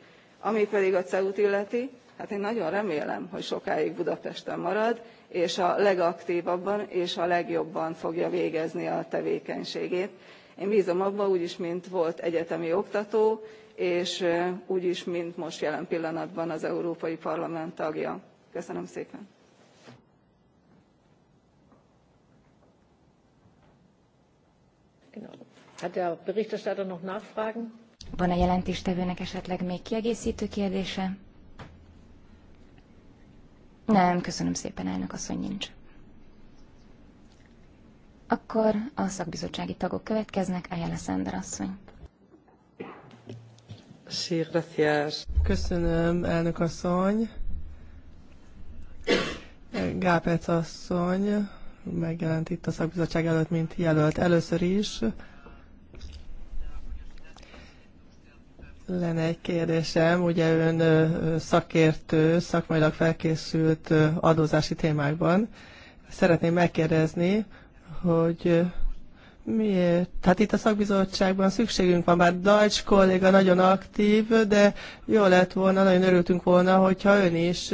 ami pedig a ceu t illeti hát én nagyon remélem hogy sokáig budapesten marad és a legaktvabban és a legjobban fogja végezni a tevékenységét. én bzom abban úgyis mint volt egyetemi oktató és úgyis mint most jelen pillanatban az európai parlament tagja. köszönöm szépen! Van e jelentéstevőnek esetleg még kiegészítő kérdése? Nem, köszönöm szépen, elnök asszony nincs. Akkor a szakbizottsági tagok következnek, Ayala Szender asszony. Köszönöm, elnök asszony. Gápec asszony megjelent itt a szakbizottság előtt, mint jelölt először is. Lenne egy kérdésem, ugye ön szakértő, szakmailag felkészült adózási témákban. Szeretném megkérdezni, hogy Miért? Tehát itt a szakbizottságban szükségünk van, bár Dajcs kolléga nagyon aktív, de jó lett volna, nagyon örültünk volna, hogyha ön is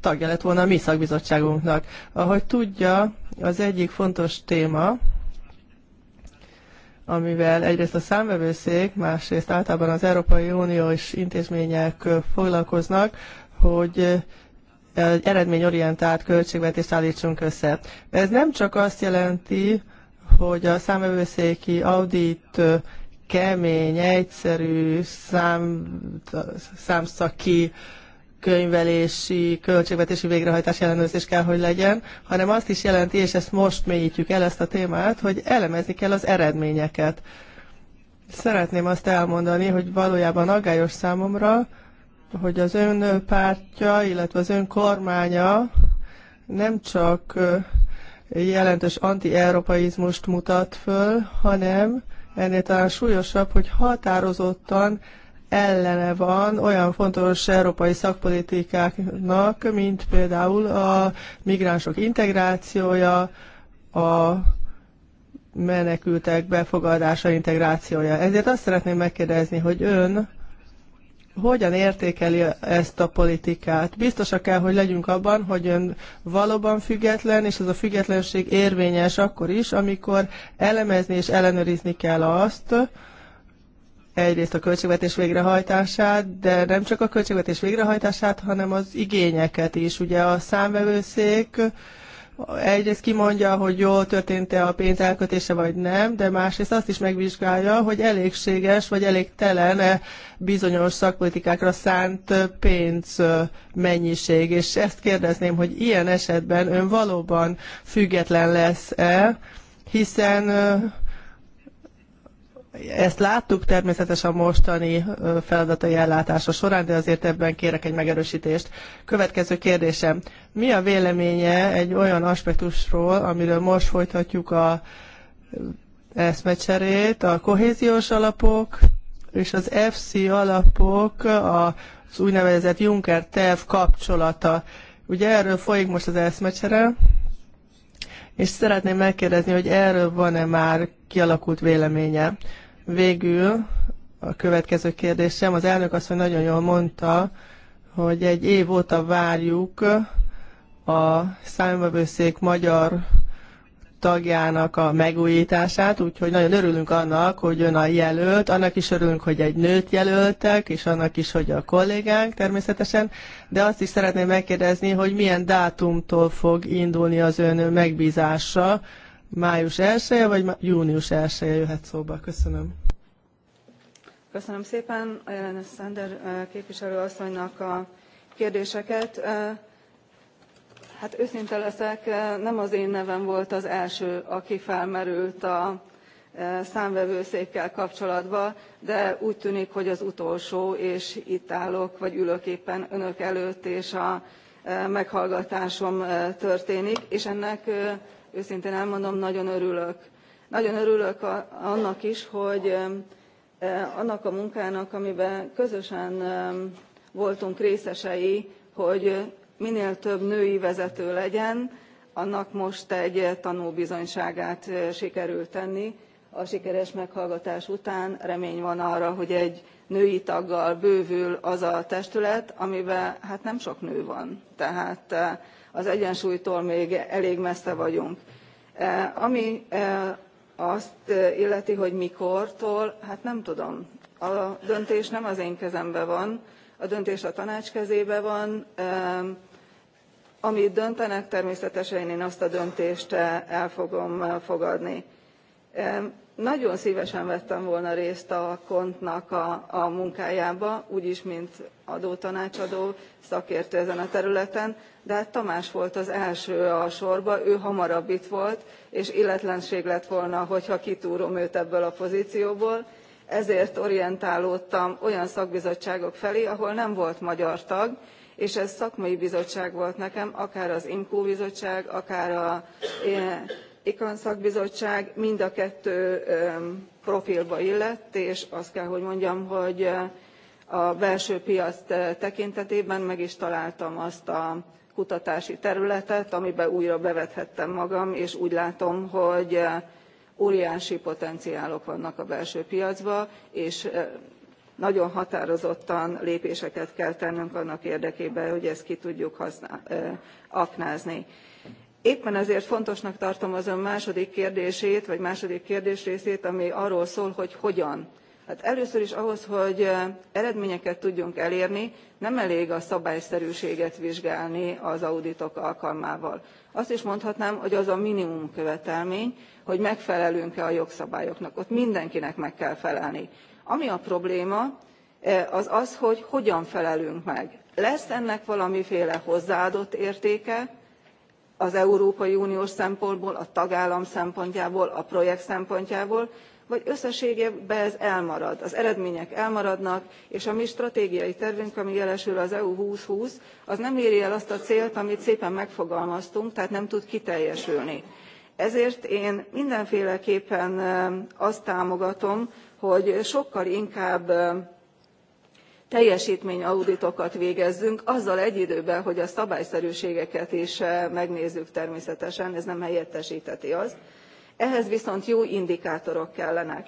tagja lett volna a mi szakbizottságunknak. Ahogy tudja, az egyik fontos téma, amivel egyrészt a számvevőszék, másrészt általában az Európai Unió és intézmények foglalkoznak, hogy egy eredményorientált költségvetést állítsunk össze. Ez nem csak azt jelenti, hogy a számvevőszéki audit kemény, egyszerű, szám, számszaki könyvelési, költségvetési végrehajtás ellenőrzés kell, hogy legyen, hanem azt is jelenti, és ezt most mélyítjük el ezt a témát, hogy elemezni kell az eredményeket. Szeretném azt elmondani, hogy valójában aggályos számomra, hogy az ön pártja, illetve az ön kormánya nem csak jelentős anti-európaizmust mutat föl, hanem ennél talán súlyosabb, hogy határozottan ellene van olyan fontos európai szakpolitikáknak, mint például a migránsok integrációja, a menekültek befogadása, integrációja. Ezért azt szeretném megkérdezni, hogy ön hogyan értékeli ezt a politikát? Biztosak kell, hogy legyünk abban, hogy ön valóban független, és ez a függetlenség érvényes akkor is, amikor elemezni és ellenőrizni kell azt, egyrészt a költségvetés végrehajtását, de nem csak a költségvetés végrehajtását, hanem az igényeket is. Ugye a számvevőszék egyrészt kimondja, hogy jól történt-e a pénz elkötése, vagy nem, de másrészt azt is megvizsgálja, hogy elégséges, vagy elégtelen -e bizonyos szakpolitikákra szánt pénz mennyiség. És ezt kérdezném, hogy ilyen esetben ön valóban független lesz-e, hiszen ezt láttuk természetesen a mostani feladatai ellátása során, de azért ebben kérek egy megerősítést. Következő kérdésem. Mi a véleménye egy olyan aspektusról, amiről most folytatjuk a eszmecserét, a kohéziós alapok és az FC alapok, az úgynevezett Juncker terv kapcsolata. Ugye erről folyik most az eszmecsere, és szeretném megkérdezni, hogy erről van-e már kialakult véleménye. Végül a következő kérdésem, az elnök azt, hogy nagyon jól mondta, hogy egy év óta várjuk a számvevőszék magyar tagjának a megújítását, úgyhogy nagyon örülünk annak, hogy ön a jelölt, annak is örülünk, hogy egy nőt jelöltek, és annak is, hogy a kollégánk természetesen, de azt is szeretném megkérdezni, hogy milyen dátumtól fog indulni az ön megbízása, május 1 -e, vagy június 1 -e jöhet szóba. Köszönöm. Köszönöm szépen jelenes Szender képviselő asszonynak a kérdéseket. Hát őszinte leszek, eh, nem az én nevem volt az első, aki felmerült a eh, számvevőszékkel kapcsolatban de úgy tűnik hogy az utolsó és itt állok vagy ülök éppen önök előtt és a eh, meghallgatásom történik és ennek őszintén elmondom nagyon örülök. nagyon örülök annak is hogy annak a munkának amiben közösen voltunk részesei hogy minél több női vezető legyen annak most egy tanúbizonyságát eh, sikerült tenni a sikeres meghallgatás után remény van arra hogy egy női taggal bővül az a testület amiben hát nem sok nő van tehát eh, az egyensúlytól még elég messze vagyunk. Eh, ami azt illeti hogy mikortól hát nem tudom a döntés nem az én kezemben van a döntés a tanács kezében van amit döntenek természetesen én azt a döntést eh, el fogom eh, fogadni. nagyon szívesen vettem volna részt a kontnak a, a munkájába úgyis mint adótanácsadó szakértő ezen a területen de hát tamás volt az első a sorba, ő hamarabb itt volt és illetlenség lett volna hogyha kitúrom őt ebből a pozícióból. ezért orientálódtam olyan szakbizottságok felé ahol nem volt magyar tag és ez szakmai bizottság volt nekem akár az imco bizottság akár az econ szakbizottság mind a kettő profilba illett és azt kell hogy mondjam hogy a belső piac tekintetében meg is találtam azt a kutatási területet amiben újra bevethettem magam és úgy látom hogy óriási potenciálok vannak a belső piacban és nagyon határozottan lépéseket kell tennünk annak érdekében hogy ezt ki tudjuk aknázni. éppen ezért fontosnak tartom az ön második kérdését vagy második kérdésrészét ami arról szól hogy hogyan. Hát először is ahhoz hogy eredményeket tudjunk elérni nem elég a szabályszerűséget vizsgálni az auditok alkalmával. azt is mondhatnám hogy az a minimum követelmény hogy megfelelünk e a jogszabályoknak ott mindenkinek meg kell felelni ami a probléma e, az az hogy hogyan felelünk meg. lesz ennek valamiféle hozzáadott értéke az európai uniós szempontból a tagállam szempontjából a projekt szempontjából vagy összességében ez elmarad az eredmények elmaradnak és a mi stratégiai tervünk ami jelesül az eu two thousand and twenty az nem éri el azt a célt amit szépen megfogalmaztunk tehát nem tud kiteljesülni ezért én mindenféleképpen azt támogatom hogy sokkal inkább teljestményauditokat végezzünk azzal egy időben hogy a szabályszerűségeket is megnézzük természetesen ez nem helyettestheti azt ehhez viszont jó indikátorok kellenek.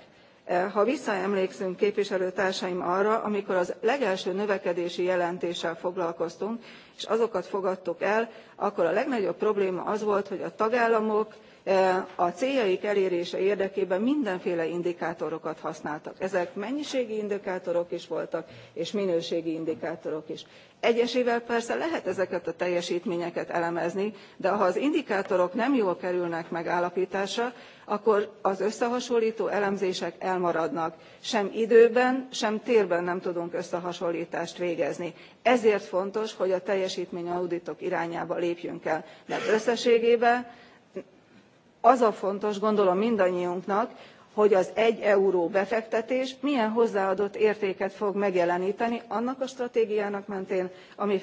ha visszaemlékszünk képviselőtársaim arra amikor a legelső növekedési jelentéssel foglalkoztunk és azokat fogadtuk el akkor a legnagyobb probléma az volt hogy a tagállamok a céljaik elérése érdekében mindenféle indikátorokat használtak ezek mennyiségi indikátorok is voltak és minőségi indikátorok is. egyesével persze lehet ezeket a teljestményeket elemezni de ha az indikátorok nem jól kerülnek megállaptásra akkor az összehasonltó elemzések elmaradnak sem időben sem térben nem tudunk összehasonltást végezni. ezért fontos hogy a teljestményauditok irányába lépjünk el mert összességében az a fontos gondolom mindannyiunknak hogy az egy euró befektetés milyen hozzáadott értéket fog megjelenteni annak a stratégiának mentén ami,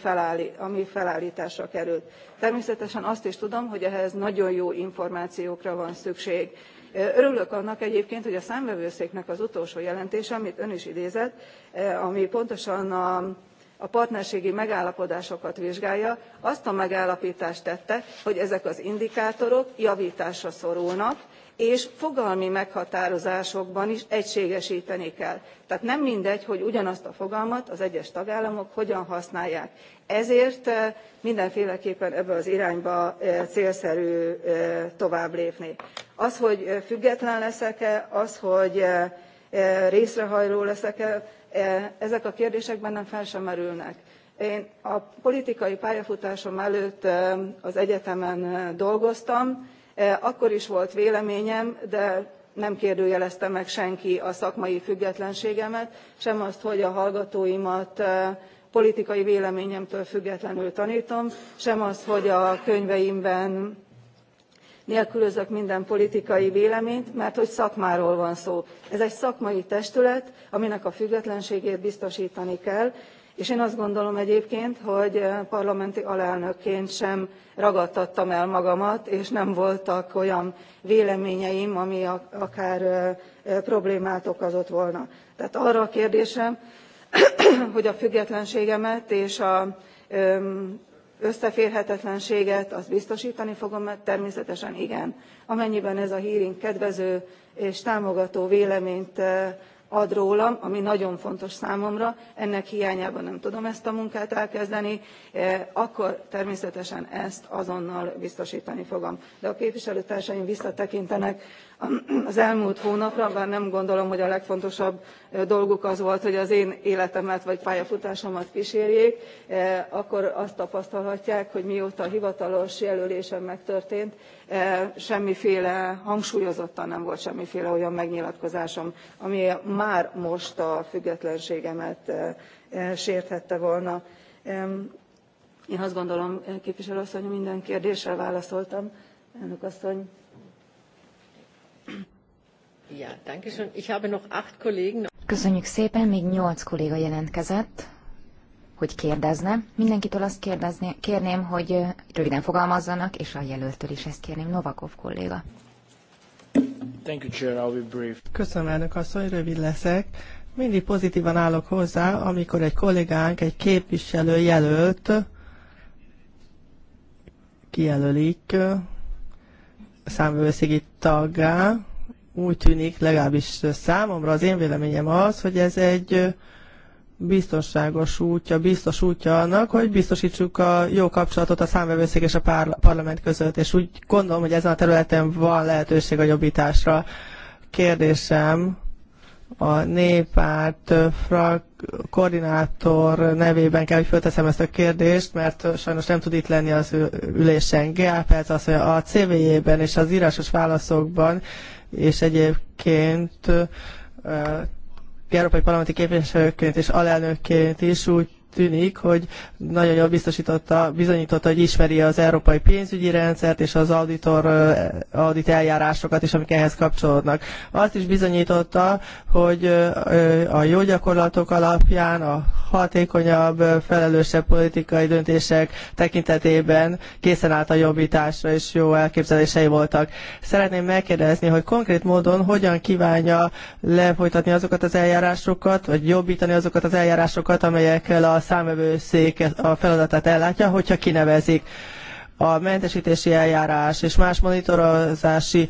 felálltásra került. természetesen azt is tudom hogy ehhez nagyon jó információkra van szükség. örülök annak egyébként hogy a számvevőszéknek az utolsó jelentése amit ön is idézett eh, ami pontosan a a partnerségi megállapodásokat vizsgálja azt a megállaptást tette hogy ezek az indikátorok javtásra szorulnak és fogalmi meghatározásokban is egységesteni kell tehát nem mindegy hogy ugyanazt a fogalmat az egyes tagállamok hogyan használják ezért eh, mindenféleképpen ebbe az irányba eh, célszerű eh, tovább lépni. az hogy független leszek e az hogy részrehajló leszek e E, ezek a kérdések bennem fel sem merülnek. én a politikai pályafutásom előtt e, az egyetemen e, dolgoztam akkor is volt véleményem de nem kérdőjelezte meg senki a szakmai függetlenségemet sem azt hogy a hallgatóimat politikai véleményemtől függetlenül tantom sem azt hogy a könyveimben nélkülözök minden politikai véleményt mert hogy szakmáról van szó. ez egy szakmai testület aminek a függetlenségét biztostani kell és én azt gondolom egyébként hogy eh, parlamenti alelnökként sem ragadtattam el magamat és nem voltak olyan véleményeim ami akár eh, eh, problémát okozott volna. tehát arra a kérdésre hogy a függetlenségemet és a összeférhetetlenséget azt biztostani fogom természetesen igen amennyiben ez a hearing kedvező és támogató véleményt eh, ad rólam ami nagyon fontos számomra ennek hiányában nem tudom ezt a munkát elkezdeni eh, akkor természetesen ezt azonnal biztostani fogom de a képviselőtársaim visszatekintenek az elmúlt hónapra bár nem gondolom hogy a legfontosabb dolguk az volt hogy az én életemet vagy pályafutásomat ksérjék akkor azt tapasztalhatják hogy mióta a hivatalos jelölésem megtörtént semmiféle hangsúlyozottan nem volt semmiféle olyan megnyilatkozásom ami már most a függetlenségemet sérthette volna. én azt gondolom képviselő asszony minden kérdésre válaszoltam. elnök asszony! Köszönjük szépen, még nyolc kolléga jelentkezett, hogy kérdezne. Mindenkitől azt kérdezni, kérném, hogy röviden fogalmazzanak, és a jelöltől is ezt kérném, Novakov kolléga. Thank you, Chair. I'll be brief. Köszönöm, elnök asszony, rövid leszek. Mindig pozitívan állok hozzá, amikor egy kollégánk, egy képviselő jelölt kijelölik számvőszégi taggá, úgy tűnik, legalábbis számomra az én véleményem az, hogy ez egy biztonságos útja, biztos útja annak, hogy biztosítsuk a jó kapcsolatot a számvevőszék és a parlament között, és úgy gondolom, hogy ezen a területen van lehetőség a jobbításra. Kérdésem a néppárt frak koordinátor nevében kell, hogy fölteszem ezt a kérdést, mert sajnos nem tud itt lenni az ülésen. Gál az hogy a CV-jében és az írásos válaszokban és egyébként európai parlamenti képviselőként és alelnökként is úgy tűnik, hogy nagyon jól biztosította, bizonyította, hogy ismeri az európai pénzügyi rendszert és az auditor, audit eljárásokat is, amik ehhez kapcsolódnak. Azt is bizonyította, hogy a jó gyakorlatok alapján a hatékonyabb, felelősebb politikai döntések tekintetében készen állt a jobbításra, és jó elképzelései voltak. Szeretném megkérdezni, hogy konkrét módon hogyan kívánja lefolytatni azokat az eljárásokat, vagy jobbítani azokat az eljárásokat, amelyekkel a számvevőszék a feladatát ellátja, hogyha kinevezik a mentesítési eljárás és más monitorozási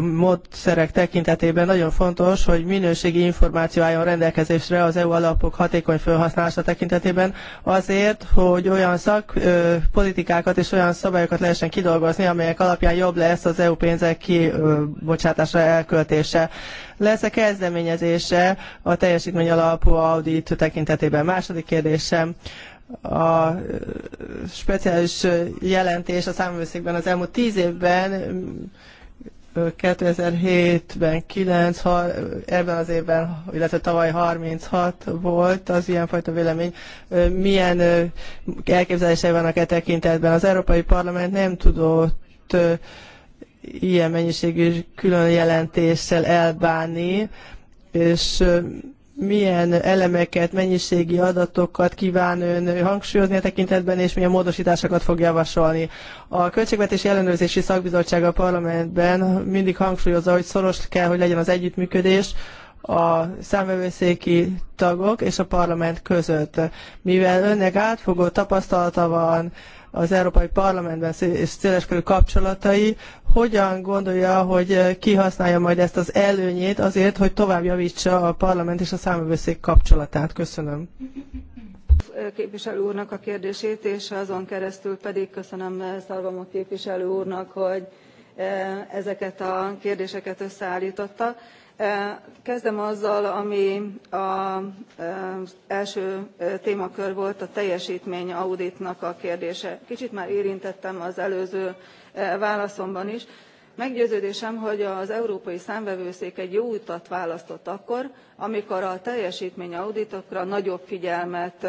módszerek tekintetében nagyon fontos, hogy minőségi információ álljon rendelkezésre az EU alapok hatékony felhasználása tekintetében azért, hogy olyan szakpolitikákat és olyan szabályokat lehessen kidolgozni, amelyek alapján jobb lesz az EU pénzek kibocsátása, elköltése. Lesz a kezdeményezése a teljesítmény alapú audit tekintetében. Második kérdésem, a speciális jelentés a számvőszékben az elmúlt tíz évben 2007-ben 9, ebben az évben, illetve tavaly 36 volt az ilyenfajta vélemény. Milyen elképzelései vannak e tekintetben? Az Európai Parlament nem tudott ilyen mennyiségű külön jelentéssel elbánni, és milyen elemeket, mennyiségi adatokat kíván ön hangsúlyozni a tekintetben, és milyen módosításokat fog javasolni. A Költségvetési Ellenőrzési Szakbizottság a parlamentben mindig hangsúlyozza, hogy szoros kell, hogy legyen az együttműködés a számvevőszéki tagok és a parlament között. Mivel önnek átfogó tapasztalata van, az Európai Parlamentben és széleskörű kapcsolatai, hogyan gondolja, hogy eh, kihasználja majd ezt az előnyét azért, hogy tovább javítsa a parlament és a számövőszék kapcsolatát? Köszönöm. Képviselő úrnak a kérdését, és azon keresztül pedig köszönöm eh, Szalvamot képviselő úrnak, hogy eh, ezeket a kérdéseket összeállította kezdem azzal ami az első témakör volt a teljestmény auditnak a kérdése. kicsit már érintettem az előző válaszomban is. meggyőződésem hogy az európai számvevőszék egy jó utat választott akkor amikor a teljestmény auditokra nagyobb figyelmet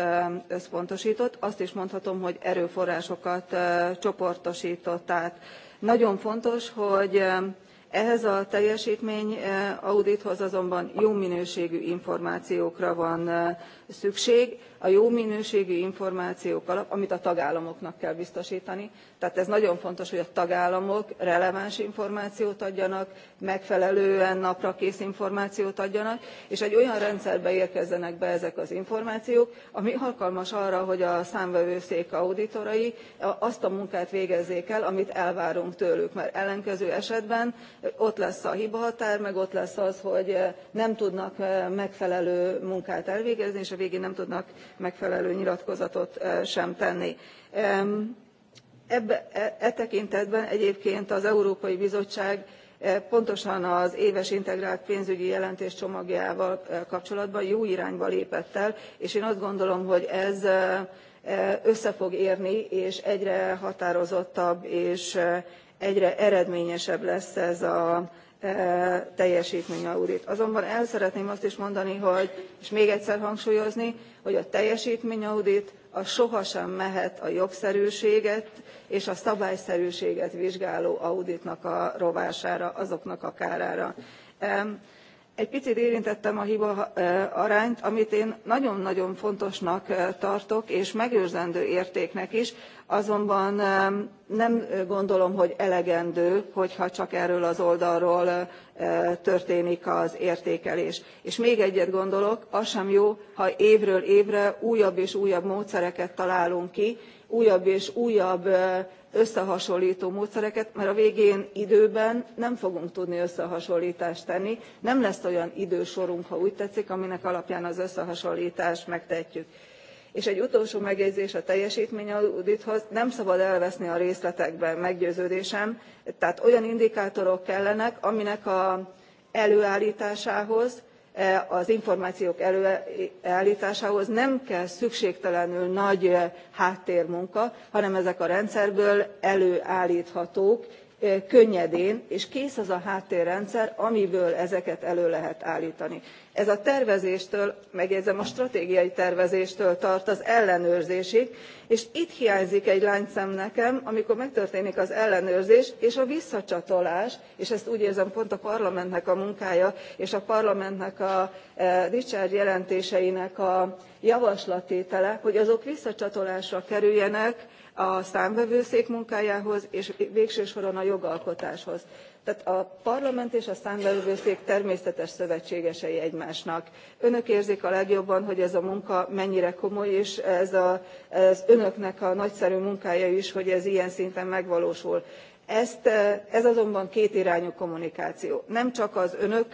összpontostott azt is mondhatom hogy erőforrásokat csoportostott át. nagyon fontos hogy ehhez a teljestményaudithoz eh, azonban jó minőségű információkra van eh, szükség a jó minőségű információk alap amit a tagállamoknak kell biztostani tehát ez nagyon fontos hogy a tagállamok releváns információt adjanak megfelelően naprakész információt adjanak és egy olyan rendszerbe érkezzenek be ezek az információk ami alkalmas arra hogy a számvevőszék auditorai azt a munkát végezzék el amit elvárunk tőlük mert ellenkező esetben ott lesz a hibahatár meg ott lesz az hogy nem tudnak eh, megfelelő munkát elvégezni és végén nem tudnak megfelelő nyilatkozatot sem tenni. e, e tekintetben egyébként az európai bizottság e, pontosan az éves integrált pénzügyi jelentés csomagjával kapcsolatban jó irányba lépett el és én azt gondolom hogy ez e, össze fog érni és egyre határozottabb és egyre eredményesebb lesz ez a teljestmény azonban el szeretném azt is mondani hogy és még egyszer hangsúlyozni hogy a teljestmény audit sohasem mehet a jogszerűséget és a szabályszerűséget vizsgáló auditnak a rovására azoknak a kárára egy picit érintettem a hiba arányt amit én nagyon nagyon fontosnak tartok és megőrzendő értéknek is azonban nem gondolom hogy elegendő hogyha csak erről az oldalról történik az értékelés. és még egyet gondolok az sem jó ha évről évre újabb és újabb módszereket találunk ki újabb és újabb összehasonltó módszereket mert a végén időben nem fogunk tudni összehasonltást tenni nem lesz olyan idősorunk ha úgy tetszik aminek alapján az összehasonltást megtehetjük. és egy utolsó megjegyzés a teljestményaudithoz nem szabad elveszni a részletekben meggyőződésem tehát olyan indikátorok kellenek aminek az előálltásához E, az információk előálltásához nem kell szükségtelenül nagy e, háttérmunka hanem ezek a rendszerből előállthatók e, könnyedén és kész az a háttérrendszer amiből ezeket elő lehet álltani ez a tervezéstől megjegyzem a stratégiai tervezéstől tart az ellenőrzésig és itt hiányzik egy láncszem nekem amikor megtörténik az ellenőrzés és a visszacsatolás és ezt úgy érzem pont a parlamentnek a munkája és a parlamentnek a richard e, jelentéseinek a javaslattétele hogy azok visszacsatolásra kerüljenek a számvevőszék munkájához és végső soron a jogalkotáshoz tehát a parlament és a számvevőszék természetes szövetségesei egymásnak. önök érzik a legjobban hogy ez a munka mennyire komoly és ez a, az önöknek a nagyszerű munkája is hogy ez ilyen szinten megvalósul. Ezt, ez azonban kétirányú kommunikáció nem csak az önök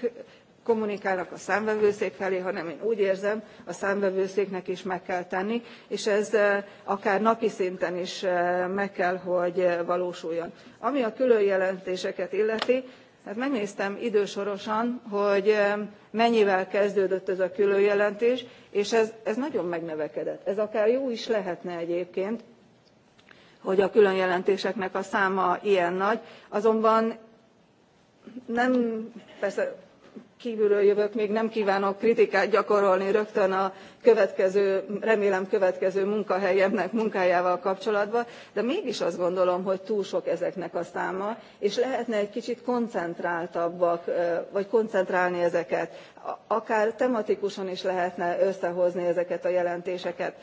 kommunikálnak a számvevőszék felé hanem én úgy érzem a számvevőszéknek is meg kell tenni és ez akár napi szinten is meg kell hogy valósuljon. ami a külön jelentéseket illeti hát megnéztem idősorosan hogy mennyivel kezdődött ez a külön jelentés és ez, ez nagyon megnövekedett. ez akár jó is lehetne egyébként hogy a külön jelentéseknek a száma ilyen nagy azonban nem persze kvülről jövök még nem kvánok kritikát gyakorolni rögtön a következő remélem következő munkahelyemnek munkájával kapcsolatban de mégis azt gondolom hogy túl sok ezeknek a száma és lehetne egy kicsit koncentráltabbak vagy koncentrálni ezeket akár tematikusan is lehetne összehozni ezeket a jelentéseket.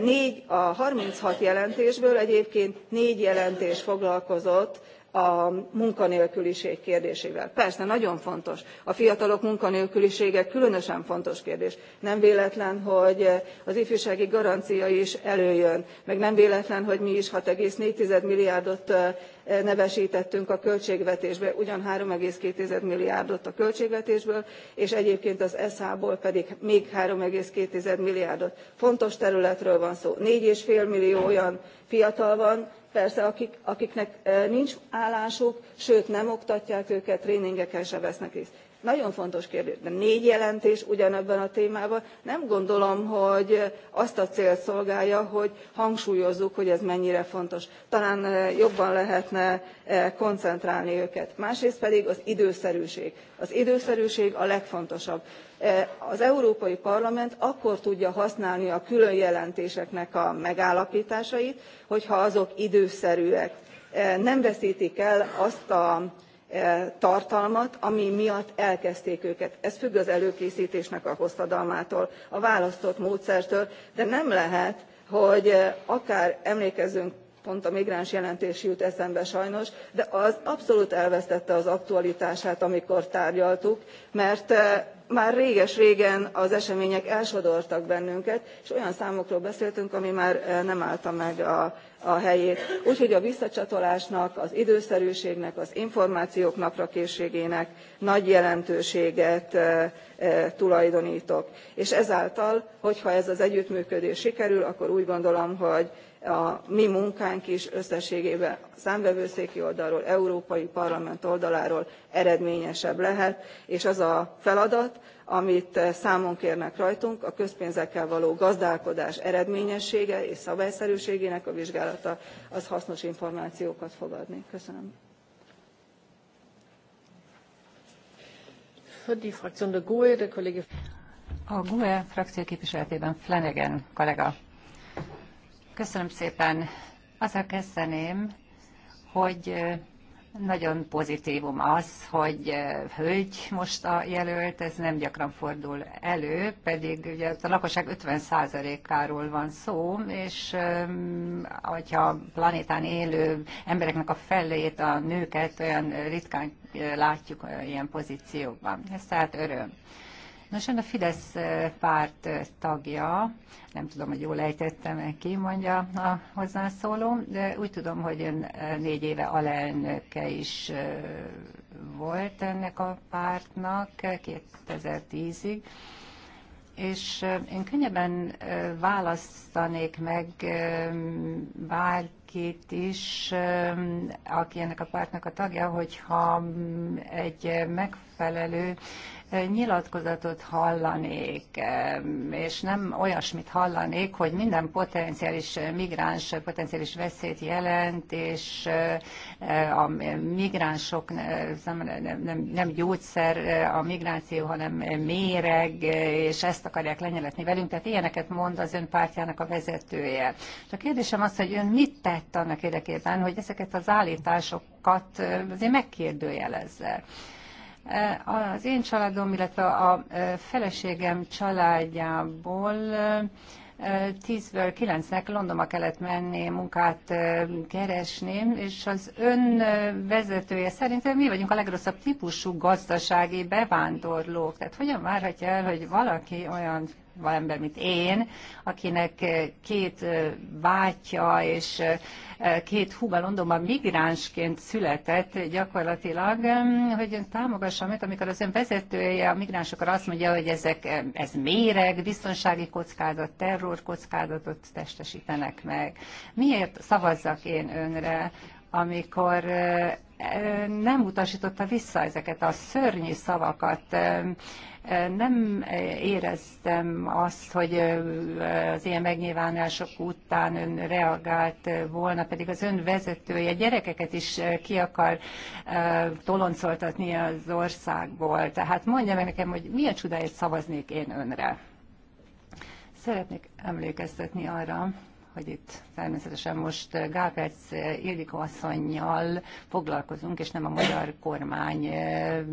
négy a thirty six jelentésből egyébként négy jelentés foglalkozott a munkanélküliség kérdésével. persze nagyon fontos a fiatalok munkanélkülisége különösen fontos kérdés nem véletlen hogy eh, az ifjúsági garancia is előjön meg nem véletlen hogy mi is six four milliárdot eh, eh, nevestettünk a költségvetésbe ugyan three two milliárdot a költségvetésből és egyébként az esza ból pedig még three two milliárdot. fontos területről van szó four five millió olyan fiatal van persze akiknek nincs állásuk sőt nem oktatják őket tréningeken sem vesznek részt nagyon fontos kérdés de négy jelentés ugyanebben a témában nem gondolom hogy azt a célt szolgálja hogy hangsúlyozzuk hogy ez mennyire fontos talán eh, jobban lehetne eh, koncentrálni őket. másrészt pedig az időszerűség az időszerűség a legfontosabb. Eh, az európai parlament akkor tudja használni a külön jelentéseknek a megállaptásait hogyha azok időszerűek nem vesztik el azt a tartalmat ami miatt elkezdték őket. ez függ az előkésztésnek a hosszadalmától a választott módszertől de nem lehet hogy akár emlékezzünk pont a migráns jelentés jut eszembe sajnos de az abszolút elvesztette az aktualitását amikor tárgyaltuk mert már réges-régen az események elsodortak bennünket és olyan számokról beszéltünk ami már eh, nem állta meg a, helyét. úgyhogy a visszacsatolásnak az időszerűségnek az információk naprakészségének nagy jelentőséget eh, eh, tulajdontok és ezáltal hogyha ez az együttműködés sikerül akkor úgy gondolom hogy a mi munkánk is összességében számvevőszéki oldalról európai parlament oldaláról eredményesebb lehet és az a feladat amit számon kérnek rajtunk a közpénzekkel való gazdálkodás eredményessége és szabályszerűségének a vizsgálata az hasznos információkat fog adni. köszönöm. a gue frakció képviseletében flanagan kollega. Köszönöm szépen. Azzal kezdeném, hogy nagyon pozitívum az, hogy hölgy most a jelölt, ez nem gyakran fordul elő, pedig ugye a lakosság 50%-áról van szó, és hogyha planétán élő embereknek a felét, a nőket olyan ritkán látjuk ilyen pozíciókban. Ez tehát öröm. Nos, ön a Fidesz párt tagja, nem tudom, hogy jól ejtettem -e ki, mondja a hozzászóló, de úgy tudom, hogy ön négy éve alelnöke is volt ennek a pártnak 2010-ig és én könnyebben választanék meg bárkit is, aki ennek a pártnak a tagja, hogyha egy megfelelő nyilatkozatot hallanék, és nem olyasmit hallanék, hogy minden potenciális migráns potenciális veszélyt jelent, és eh, a migránsok nem, nem, nem gyógyszer eh, a migráció, hanem méreg, és ezt akarják lenyeletni velünk. Tehát ilyeneket mond az ön pártjának a vezetője. És a kérdésem az, hogy ön mit tett annak érdekében, hogy ezeket az állításokat eh, azért megkérdőjelezze. Eh, az én családom, illetve a feleségem családjából eh, tízből kilencnek Londonba kellett menni, munkát eh, keresni, és az ön vezetője szerint mi vagyunk a legrosszabb típusú gazdasági bevándorlók. Tehát hogyan várhatja el, hogy valaki olyan valember, mint én, akinek két bátyja és két húga Londonban migránsként született gyakorlatilag, hogy ön támogassa amit, amikor az ön vezetője a migránsokkal azt mondja, hogy ezek, ez méreg, biztonsági kockázat, terror kockázatot testesítenek meg. Miért szavazzak én önre, amikor nem utasította vissza ezeket a szörnyű szavakat. Nem éreztem azt, hogy az ilyen megnyilvánulások után ön reagált volna, pedig az ön vezetője gyerekeket is ki akar toloncoltatni az országból. Tehát mondja meg nekem, hogy milyen csodáért szavaznék én önre. Szeretnék emlékeztetni arra, hogy itt természetesen most Gálperc eh, Ildikó asszonynal foglalkozunk, és nem a magyar kormány eh, eh,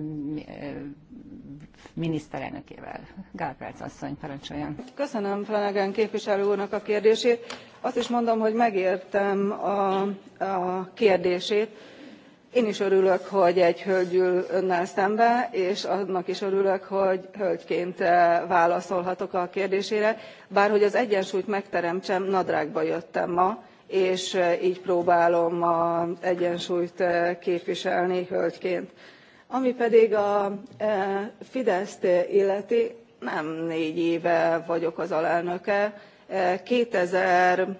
miniszterelnökével. Gálperc asszony, parancsoljon. Köszönöm Flanagan képviselő úrnak a kérdését. Azt is mondom, hogy megértem a, a kérdését én is örülök hogy egy hölgy ül önnel szemben és annak is örülök hogy hölgyként eh, válaszolhatok a kérdésére bár hogy az egyensúlyt megteremtsem nadrágban jöttem ma és eh, gy próbálom az egyensúlyt eh, képviselni hölgyként. ami pedig a fideszt illeti nem négy éve vagyok az alelnöke two thousand and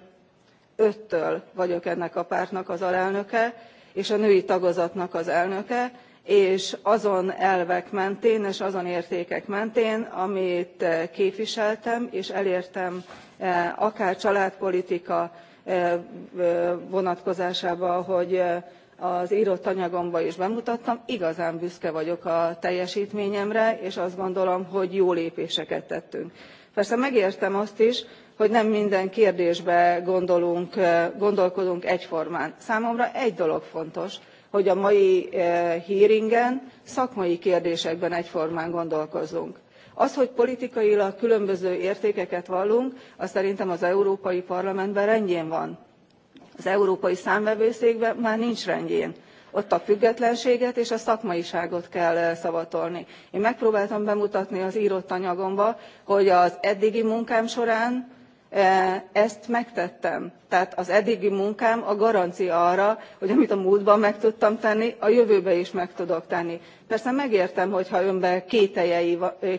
five től vagyok ennek a pártnak az alelnöke és a női tagozatnak az elnöke és azon elvek mentén és azon értékek mentén amit eh, képviseltem és elértem eh, akár családpolitika eh, vonatkozásában hogy az rott anyagomban is bemutattam igazán büszke vagyok a teljestményemre és azt gondolom hogy jó lépéseket tettünk. persze megértem azt is hogy nem minden kérdésben gondolunk, gondolkodunk egyformán. számomra egy dolog fontos hogy a mai hearingen szakmai kérdésekben egyformán gondolkozzunk. az hogy politikailag különböző értékeket vallunk az szerintem az európai parlamentben rendjén van az európai számvevőszékben már nincs rendjén ott a függetlenséget és a szakmaiságot kell szavatolni. én megpróbáltam bemutatni az rott anyagomban hogy az eddigi munkám során ezt megtettem tehát az eddigi munkám a garancia arra hogy amit a múltban meg tudtam tenni a jövőben is meg tudok tenni. persze megértem hogyha önben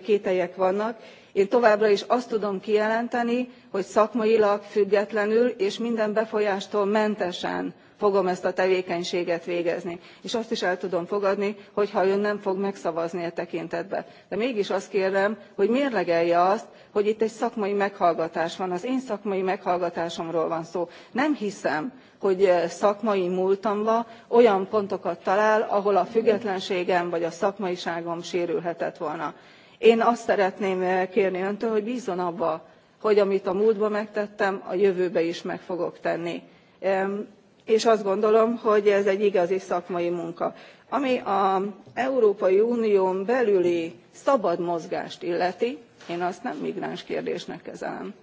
kételyek vannak én továbbra is azt tudom kijelenteni hogy szakmailag függetlenül és minden befolyástól mentesen fogom ezt a tevékenységet végezni és azt is el tudom fogadni hogyha ön nem fog megszavazni e tekintetben. de mégis azt kérem hogy mérlegelje azt hogy itt egy szakmai meghallgatás van az én szakmai meghallgatásomról van szó. nem hiszem hogy eh, szakmai múltamban olyan pontokat talál ahol a függetlenségem vagy a szakmaiságom sérülhetett volna én azt szeretném eh, kérni öntől hogy bzzon abban hogy amit a múltban megtettem a jövőben is meg fogok tenni és azt gondolom hogy ez egy igazi szakmai munka. ami az európai unión belüli szabad mozgást illeti én azt nem migráns kérdésnek kezelem.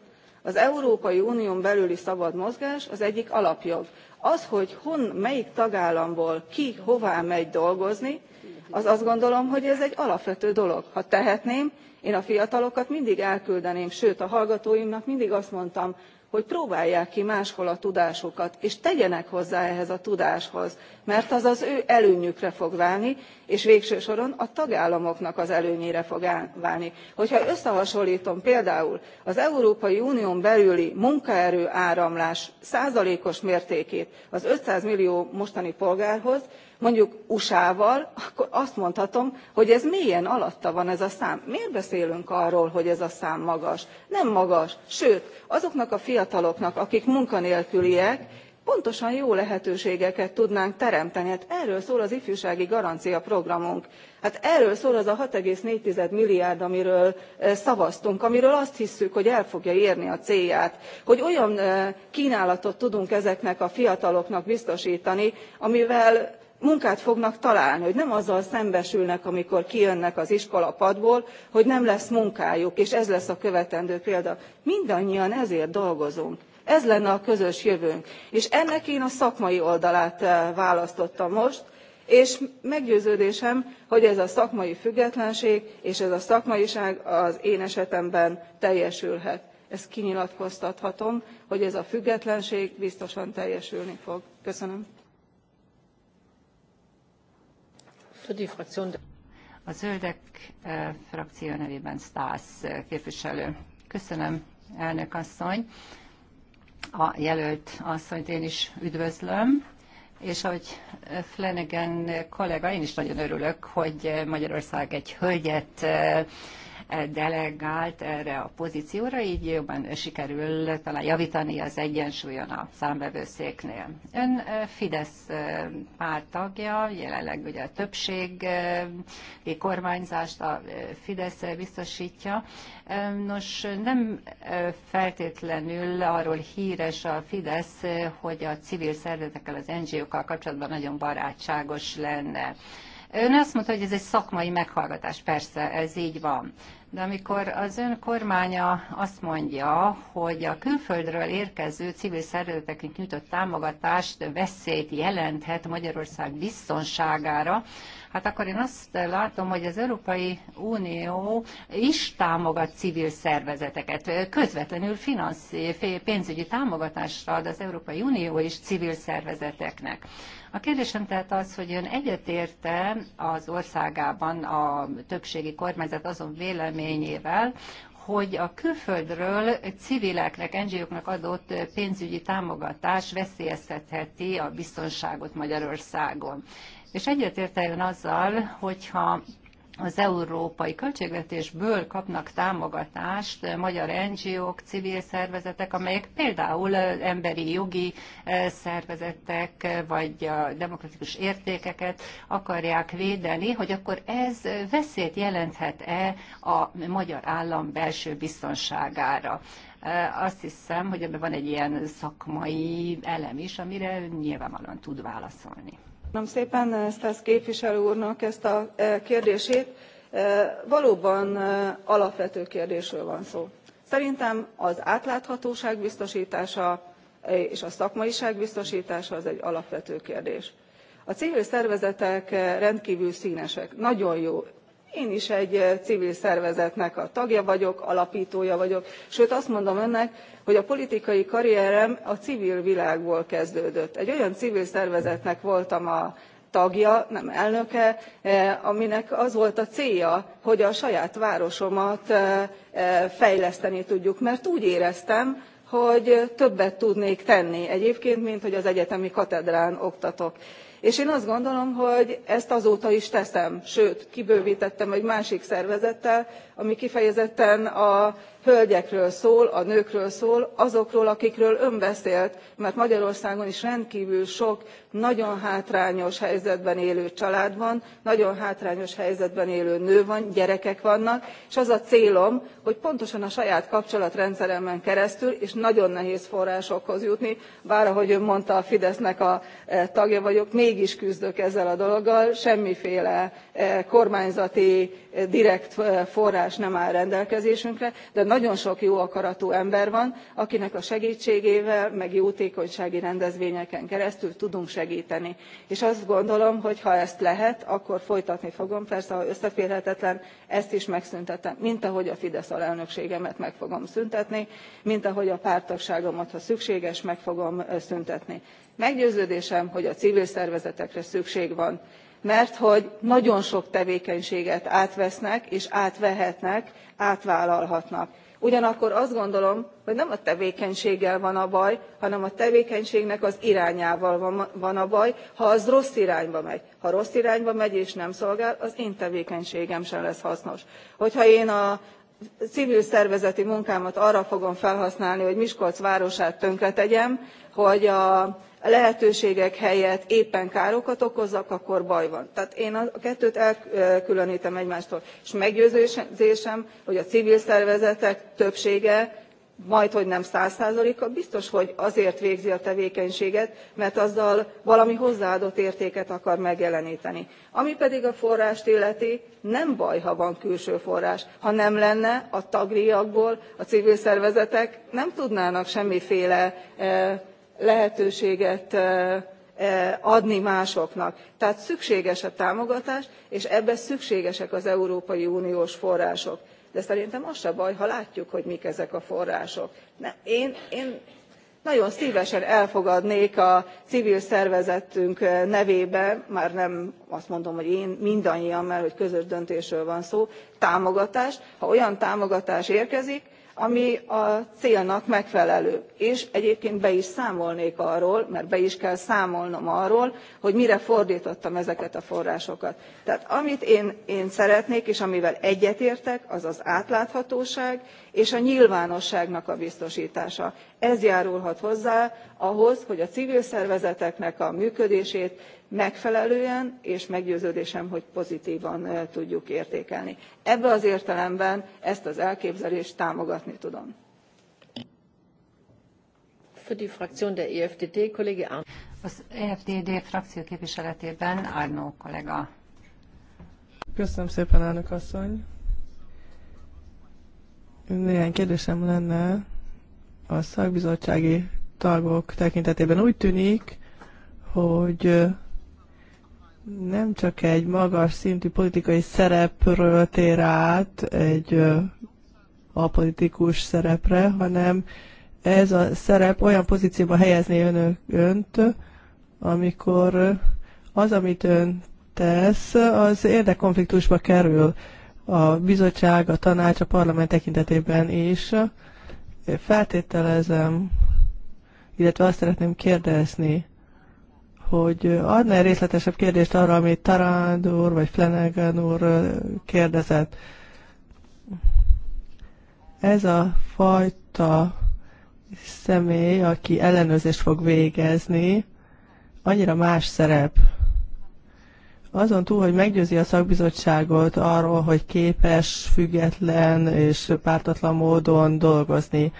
az európai unión belüli szabad mozgás az egyik alapjog. az hogy melyik tagállamból ki hová megy dolgozni az azt gondolom hogy ez egy alapvető dolog. ha tehetném én a fiatalokat mindig elküldeném sőt a hallgatóimnak mindig azt mondtam hogy próbálják ki máshol a tudásukat és tegyenek hozzá ehhez a tudáshoz mert az az ő előnyükre fog válni és végső soron a tagállamoknak az előnyére fog válni. hogyha összehasonltom például az európai unión belüli munkaerő áramlás százalékos mértékét az five hundred millió mostani polgárhoz mondjuk usa val akkor azt mondhatom hogy ez mélyen alatta van ez a szám. miért beszélünk arról hogy ez a szám magas? nem magas sőt azoknak a fiataloknak akik munkanélküliek pontosan jó lehetőségeket tudnánk teremteni hát erről szól az ifjúsági garancia programunk hát erről szól az a six four milliárd amiről eh, szavaztunk amiről azt hisszük hogy el fogja érni a célját hogy olyan eh, knálatot tudunk ezeknek a fiataloknak biztostani amivel munkát fognak találni hogy nem azzal szembesülnek amikor kijönnek az iskolapadból hogy nem lesz munkájuk és ez lesz a követendő példa. mindannyian ezért dolgozunk ez lenne a közös jövőnk és ennek én a szakmai oldalát eh, választottam most és meggyőződésem hogy ez a szakmai függetlenség és ez a szakmaiság az én esetemben teljesülhet. ezt kinyilatkoztathatom hogy ez a függetlenség biztosan teljesülni fog. köszönöm. A zöldek eh, frakció nevében Stász eh, képviselő. Köszönöm, elnök asszony. A jelölt asszonyt én is üdvözlöm, és ahogy Flanagan kollega, én is nagyon örülök, hogy Magyarország egy hölgyet eh, delegált erre a pozícióra, így jobban sikerül talán javítani az egyensúlyon a számvevőszéknél. Ön Fidesz pártagja, jelenleg ugye a többség kormányzást a Fidesz biztosítja. Nos, nem feltétlenül arról híres a Fidesz, hogy a civil szervezetekkel, az NGO-kkal kapcsolatban nagyon barátságos lenne. Ön azt mondta, hogy ez egy szakmai meghallgatás, persze, ez így van. De amikor az ön kormánya azt mondja, hogy a külföldről érkező civil szervezeteknek nyújtott támogatást veszélyt jelenthet Magyarország biztonságára, hát akkor én azt látom, hogy az Európai Unió is támogat civil szervezeteket, közvetlenül finansz, pénzügyi támogatásra ad az Európai Unió is civil szervezeteknek. A kérdésem tehát az, hogy ön egyetérte az országában a többségi kormányzat azon véleményével, hogy a külföldről civileknek, NGO-knak adott pénzügyi támogatás veszélyeztetheti a biztonságot Magyarországon és egyetért eljön azzal, hogyha az európai költségvetésből kapnak támogatást magyar NGO-k, civil szervezetek, amelyek például emberi jogi szervezetek, vagy a demokratikus értékeket akarják védeni, hogy akkor ez veszélyt jelenthet-e a magyar állam belső biztonságára. Azt hiszem, hogy ebben van egy ilyen szakmai elem is, amire nyilvánvalóan tud válaszolni. Köszönöm szépen eh, staes képviselő úrnak ezt a eh, kérdését. Eh, valóban alapvető kérdésről van szó. Szerintem az átláthatóság biztosítása és a szakmaiság biztosítása az egy alapvető kérdés. A civil szervezetek rendkvül színesek, nagyon jó én is egy civil szervezetnek a tagja vagyok alaptója vagyok sőt azt mondom önnek hogy a politikai karrierem a civil világból kezdődött. egy olyan civil szervezetnek voltam a tagja nem elnöke aminek az volt a célja hogy a saját városomat fejleszteni tudjuk mert úgy éreztem hogy többet tudnék tenni egyébként mint hogy az egyetemi katedrán oktatok és én azt gondolom hogy ezt azóta is teszem sőt kibővtettem egy másik szervezettel ami kifejezetten a hölgyekről szól a nőkről szól azokról akikről ön beszélt mert magyarországon is rendkvül sok nagyon hátrányos helyzetben élő család van nagyon hátrányos helyzetben élő nő van gyerekek vannak és az a célom hogy pontosan a saját kapcsolatrendszeremen keresztül és nagyon nehéz forrásokhoz jutni bár ahogy ön mondta a fidesznek a eh, tagja vagyok mégis küzdök ezzel a dologgal semmiféle kormányzati direkt forrás nem áll rendelkezésünkre de nagyon sok jó akaratú ember van akinek a segtségével meg jótékonysági rendezvényeken keresztül tudunk segteni és azt gondolom hogy ha ezt lehet akkor folytatni fogom persze ha összeférhetetlen ezt is megszüntetem mint ahogy a fidesz alelnökségemet meg fogom szüntetni mint ahogy a párttagságomat ha szükséges meg fogom szüntetni. meggyőződésem hogy a civil szervezetekre szükség van mert hogy nagyon sok tevékenységet átvesznek és átvehetnek átvállalhatnak. ugyanakkor azt gondolom hogy nem a tevékenységgel van a baj hanem a tevékenységnek az irányával van, a baj ha az rossz irányba megy. ha rossz irányba megy és nem szolgál az én tevékenységem sem lesz hasznos. hogyha én a civil szervezeti munkámat arra fogom felhasználni hogy miskolc városát tönkretegyem hogy a lehetőségek helyett éppen károkat okozzak akkor baj van. tehát én a kettőt elkülöntem egymástól és meggyőződésem hogy a civil szervezetek többsége majdhogy nem hundred a biztos hogy azért végzi a tevékenységet mert azzal valami hozzáadott értéket akar megjelenteni. ami pedig a forrást illeti nem baj ha van külső forrás ha nem lenne a tagdjakból a civil szervezetek nem tudnának semmiféle eh, lehetőséget adni másoknak. tehát szükséges a támogatás és ebben szükségesek az európai uniós források de szerintem az se baj ha látjuk hogy mik ezek a források. én, én nagyon szvesen elfogadnék a civil szervezetünk nevében már nem azt mondom hogy én mindannyian mert hogy közös döntésről van szó támogatást ha olyan támogatás érkezik ami a célnak megfelelő és egyébként be is számolnék arról mert be is kell számolnom arról hogy mire fordtottam ezeket a forrásokat. tehát amit én, szeretnék és amivel egyetértek az az átláthatóság és a nyilvánosságnak a biztostása. ez járulhat hozzá ahhoz hogy a civil szervezeteknek a működését megfelelően és meggyőződésem hogy pozitvan tudjuk értékelni. ebben az értelemben ezt az elképzelést támogatni tudom. E e frakció kollega. Köszönöm szépen, néhány kérdésem lenne a szakbizottsági tagok tekintetében. Úgy tűnik, hogy nem csak egy magas szintű politikai szerepről tér át egy apolitikus szerepre, hanem ez a szerep olyan pozícióba helyezné önök, önt, amikor az, amit ön tesz, az érdekkonfliktusba kerül a bizottság, a tanács, a parlament tekintetében is. Feltételezem, illetve azt szeretném kérdezni, hogy adná részletesebb kérdést arra, amit Tarand úr vagy Flanagan úr kérdezett. Ez a fajta személy, aki ellenőrzést fog végezni, annyira más szerep, azon túl, hogy meggyőzi a szakbizottságot arról, hogy képes, független és pártatlan módon dolgozni.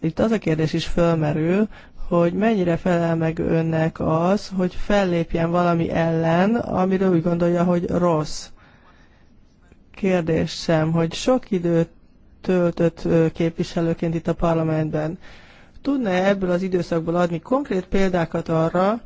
Itt az a kérdés is fölmerül, hogy mennyire felel meg önnek az, hogy fellépjen valami ellen, amiről úgy gondolja, hogy rossz. Kérdésem, hogy sok időt töltött képviselőként itt a parlamentben. Tudna -e ebből az időszakból adni konkrét példákat arra,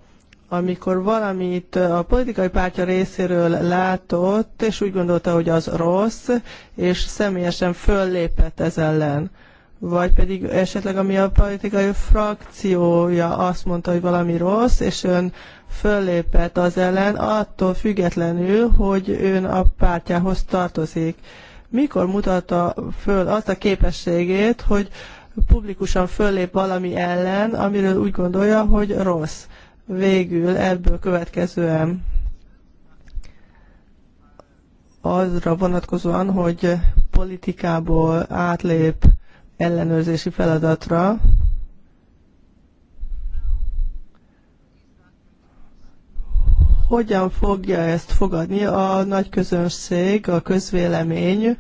amikor valamit a politikai pártja részéről látott, és úgy gondolta, hogy az rossz, és személyesen föllépett ez ellen. Vagy pedig esetleg, ami a politikai frakciója azt mondta, hogy valami rossz, és ön föllépett az ellen, attól függetlenül, hogy ön a pártjához tartozik. Mikor mutatta föl azt a képességét, hogy publikusan föllép valami ellen, amiről úgy gondolja, hogy rossz? Végül ebből következően azra vonatkozóan, hogy politikából átlép ellenőrzési feladatra, hogyan fogja ezt fogadni a nagy közönség, a közvélemény,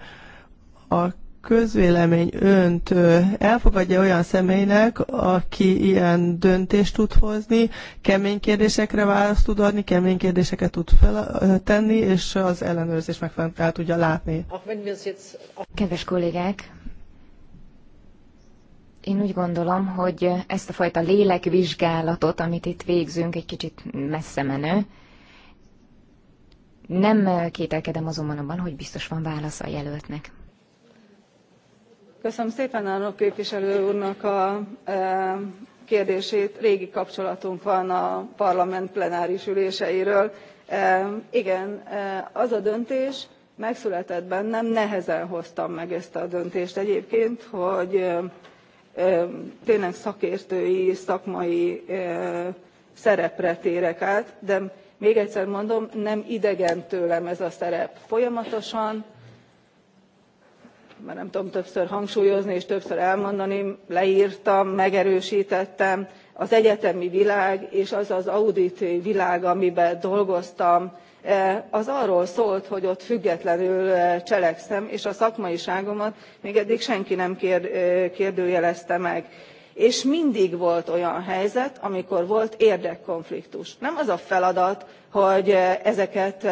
a közvélemény önt elfogadja olyan személynek, aki ilyen döntést tud hozni, kemény kérdésekre választ tud adni, kemény kérdéseket tud feltenni, és az ellenőrzés megfelelően el tudja látni. Kedves kollégák, én úgy gondolom, hogy ezt a fajta lélekvizsgálatot, amit itt végzünk, egy kicsit messze menő, nem kételkedem azonban abban, hogy biztos van válasz a jelöltnek köszönöm szépen a képviselő úrnak a e, kérdését régi kapcsolatunk van a parlament plenáris üléseiről. E, igen e, az a döntés megszületett bennem nehezen hoztam meg ezt a döntést egyébként hogy tényleg szakértői szakmai szerepre térek át de még egyszer mondom nem idegen tőlem ez a szerep folyamatosan már nem tudom többször hangsúlyozni és többször elmondani lertam megerőstettem az egyetemi világ és az az audit világ amiben dolgoztam e, az arról szólt hogy ott függetlenül e, cselekszem és a szakmaiságomat még eddig senki nem e, kérdőjelezte meg és mindig volt olyan helyzet amikor volt érdekkonfliktus. nem az a feladat hogy ezeket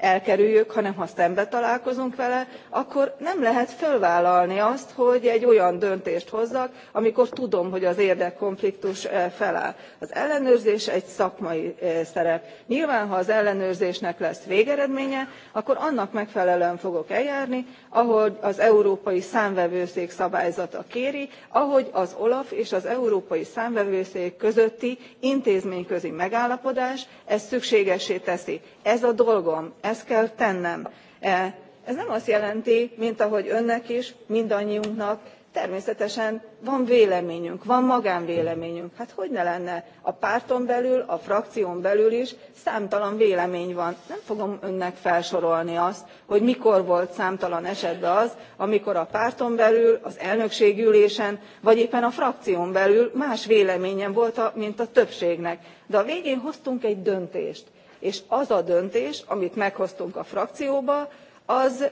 elkerüljük hanem ha szembe találkozunk vele akkor nem lehet fölvállalni azt hogy egy olyan döntést hozzak amikor tudom hogy az érdekkonfliktus eh, feláll. az ellenőrzés egy szakmai eh, szerep. nyilván ha az ellenőrzésnek lesz végeredménye akkor annak megfelelően fogok eljárni ahogy az európai számvevőszék szabályzata kéri ahogy az olaf és az európai számvevőszék közötti intézményközi megállapodás ezt szükségessé teszi. ez a dolgom ezt kell tennem. E, ez nem azt jelenti mint ahogy önnek is mindannyiunknak természetesen van véleményünk van magánvéleményünk hát hogy ne lenne a párton belül a frakción belül is számtalan vélemény van nem fogom önnek felsorolni azt hogy mikor volt számtalan esetben az amikor a párton belül az elnökségi ülésen vagy éppen a frakción belül más véleményen volt mint a többségnek de a végén hoztunk egy döntést és az a döntés amit meghoztunk a frakcióban az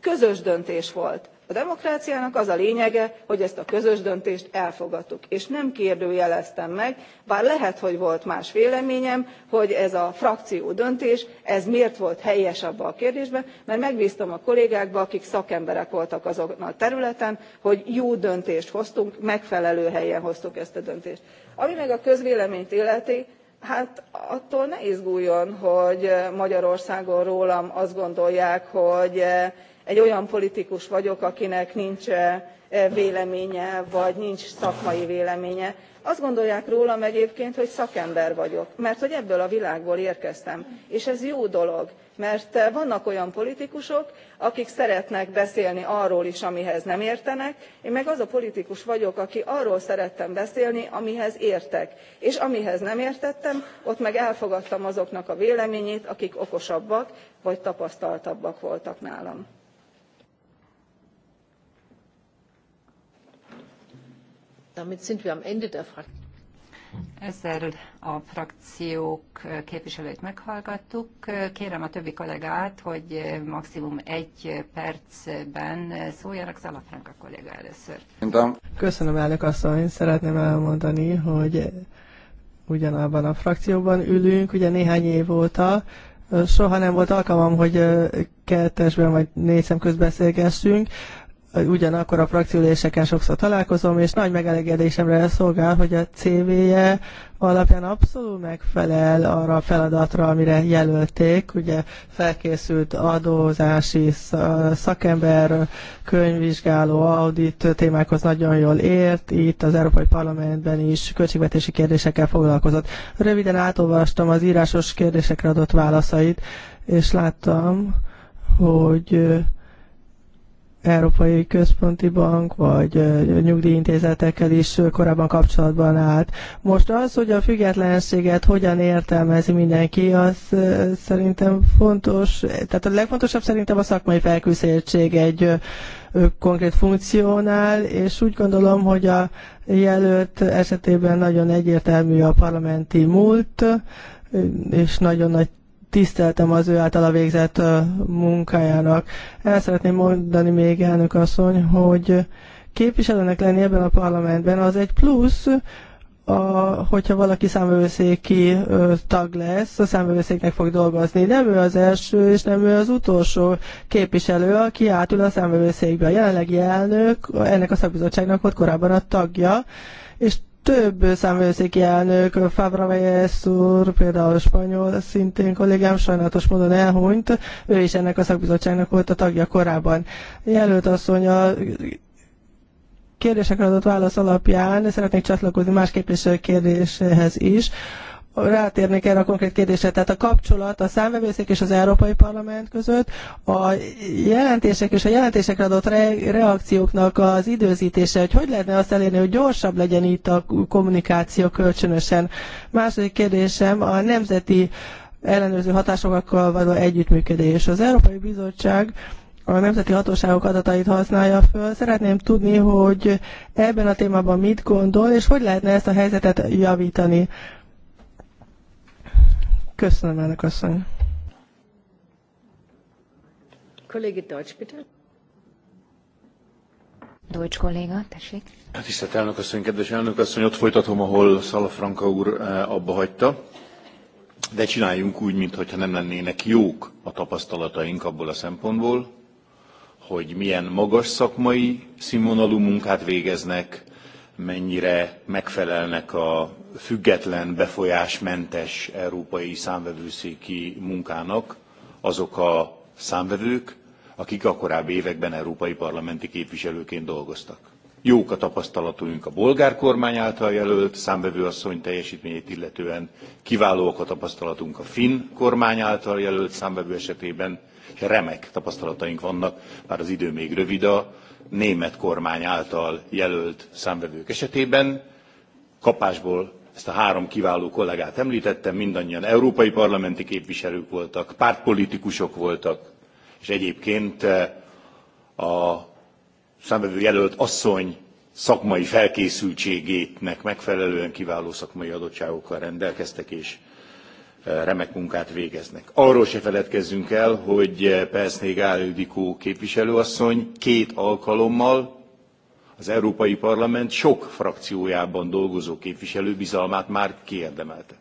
közös döntés volt. a demokráciának az a lényege hogy ezt a közös döntést elfogadtuk és nem kérdőjeleztem meg bár lehet hogy volt más véleményem hogy ez a frakció döntés ez miért volt helyes abban a kérdésben mert megbztam a kollégákban akik szakemberek voltak azon a területen hogy jó döntést hoztunk megfelelő helyen hoztuk ezt a döntést. ami meg a közvéleményt illeti hát attól ne izguljon hogy eh, magyarországon rólam azt gondolják hogy eh, egy olyan politikus vagyok akinek nincs eh, véleménye vagy nincs szakmai véleménye. azt gondolják rólam egyébként hogy szakember vagyok merthogy ebből a világból érkeztem és ez jó dolog mert eh, vannak olyan politikusok akik szeretnek beszélni arról is amihez nem értenek én meg az a politikus vagyok aki arról szerettem beszélni amihez értek és amihez nem értettem ott meg elfogadtam azoknak a véleményét akik okosabbak vagy tapasztaltabbak voltak nálam. damit sind wir am ende der ezzel a frakciók képviselőit meghallgattuk. Kérem a többi kollégát, hogy maximum egy percben szóljanak. Zalafranka kolléga először. Köszönöm, elnök asszony. Szeretném elmondani, hogy ugyanabban a frakcióban ülünk, ugye néhány év óta, soha nem volt alkalmam, hogy kettesben vagy négy szem közbeszélgessünk ugyanakkor a frakcióléseken sokszor találkozom, és nagy megelégedésemre szolgál, hogy a CV-je alapján abszolút megfelel arra a feladatra, amire jelölték. Ugye felkészült adózási szakember, könyvvizsgáló, audit témákhoz nagyon jól ért, itt az Európai Parlamentben is költségvetési kérdésekkel foglalkozott. Röviden átolvastam az írásos kérdésekre adott válaszait, és láttam, hogy Európai Központi Bank vagy nyugdíjintézetekkel is korábban kapcsolatban állt. Most az, hogy a függetlenséget hogyan értelmezi mindenki, az szerintem fontos. Tehát a legfontosabb szerintem a szakmai felkészültség egy konkrét funkciónál, és úgy gondolom, hogy a jelölt esetében nagyon egyértelmű a parlamenti múlt, és nagyon nagy tiszteltem az ő általa végzett munkájának. El szeretném mondani még, elnök asszony, hogy képviselőnek lenni ebben a parlamentben az egy plusz, a, hogyha valaki számvevőszéki tag lesz, a számvevőszéknek fog dolgozni. Nem ő az első, és nem ő az utolsó képviselő, aki átül a számvevőszékbe. A jelenlegi elnök ennek a szakbizottságnak volt korábban a tagja, és több számvőszéki elnök, Fabra Meyes úr, például spanyol szintén kollégám, sajnálatos módon elhunyt, ő is ennek a szakbizottságnak volt a tagja korábban. Jelölt asszony a kérdésekre adott válasz alapján szeretnék csatlakozni más képviselő kérdéséhez is rátérnék erre a konkrét kérdésre. Tehát a kapcsolat a számvevőszék és az Európai Parlament között, a jelentések és a jelentésekre adott re- reakcióknak az időzítése, hogy hogy lehetne azt elérni, hogy gyorsabb legyen itt a kommunikáció kölcsönösen. Második kérdésem a nemzeti ellenőrző hatásokkal való együttműködés. Az Európai Bizottság a nemzeti hatóságok adatait használja föl. Szeretném tudni, hogy ebben a témában mit gondol, és hogy lehetne ezt a helyzetet javítani. Köszönöm, elnök asszony. Kollégi Deutsch, bitte. Deutsch kolléga, tessék. Tisztelt elnök asszony, kedves elnök asszony, ott folytatom, ahol Szalafranka úr eh, abba hagyta. De csináljunk úgy, mintha nem lennének jók a tapasztalataink abból a szempontból, hogy milyen magas szakmai színvonalú munkát végeznek mennyire megfelelnek a független, befolyásmentes európai számvevőszéki munkának azok a számvevők, akik a korábbi években európai parlamenti képviselőként dolgoztak. Jók a tapasztalatunk a bolgár kormány által jelölt számvevőasszony teljesítményét illetően, kiválóak a tapasztalatunk a finn kormány által jelölt számvevő esetében, és remek tapasztalataink vannak, bár az idő még rövid a német kormány által jelölt számvevők esetében. Kapásból ezt a három kiváló kollégát említettem, mindannyian európai parlamenti képviselők voltak, pártpolitikusok voltak, és egyébként eh, a számvevő jelölt asszony szakmai felkészültségének megfelelően kiváló szakmai adottságokkal rendelkeztek, és remek munkát végeznek. Arról se feledkezzünk el, hogy eh, Perszné Gálődikó képviselőasszony két alkalommal az Európai Parlament sok frakciójában dolgozó képviselő bizalmát már kiérdemelte.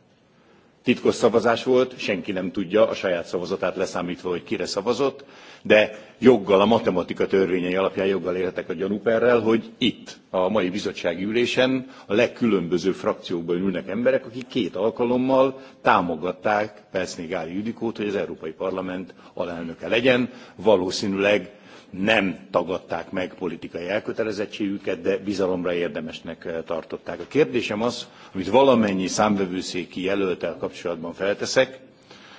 Titkos szavazás volt, senki nem tudja, a saját szavazatát leszámítva, hogy kire szavazott, de joggal, a matematika törvényei alapján joggal érhetek a gyanúperrel, hogy itt, a mai bizottsági ülésen a legkülönbözőbb frakciókban ülnek emberek, akik két alkalommal támogatták Pelszné Gáli Judikót, hogy az Európai Parlament alelnöke legyen, valószínűleg nem tagadták meg politikai elkötelezettségüket, de bizalomra érdemesnek eh, tartották. A kérdésem az, amit valamennyi számvevőszéki jelöltel kapcsolatban felteszek,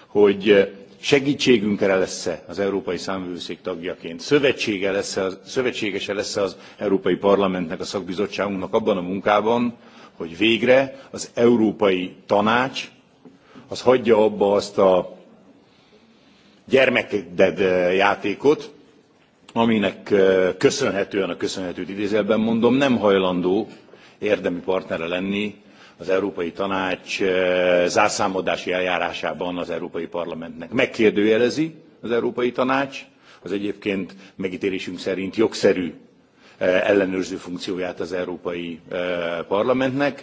hogy eh, segítségünkre lesz-e az Európai Számvevőszék tagjaként, szövetsége lesz -e, szövetségese lesz-e az Európai Parlamentnek, a szakbizottságunknak abban a munkában, hogy végre az Európai Tanács az hagyja abba azt a gyermekeded eh, játékot, aminek köszönhetően, a köszönhetőt idézelben mondom, nem hajlandó érdemi partnere lenni az Európai Tanács zárszámadási eljárásában az Európai Parlamentnek. Megkérdőjelezi az Európai Tanács, az egyébként megítélésünk szerint jogszerű ellenőrző funkcióját az Európai Parlamentnek,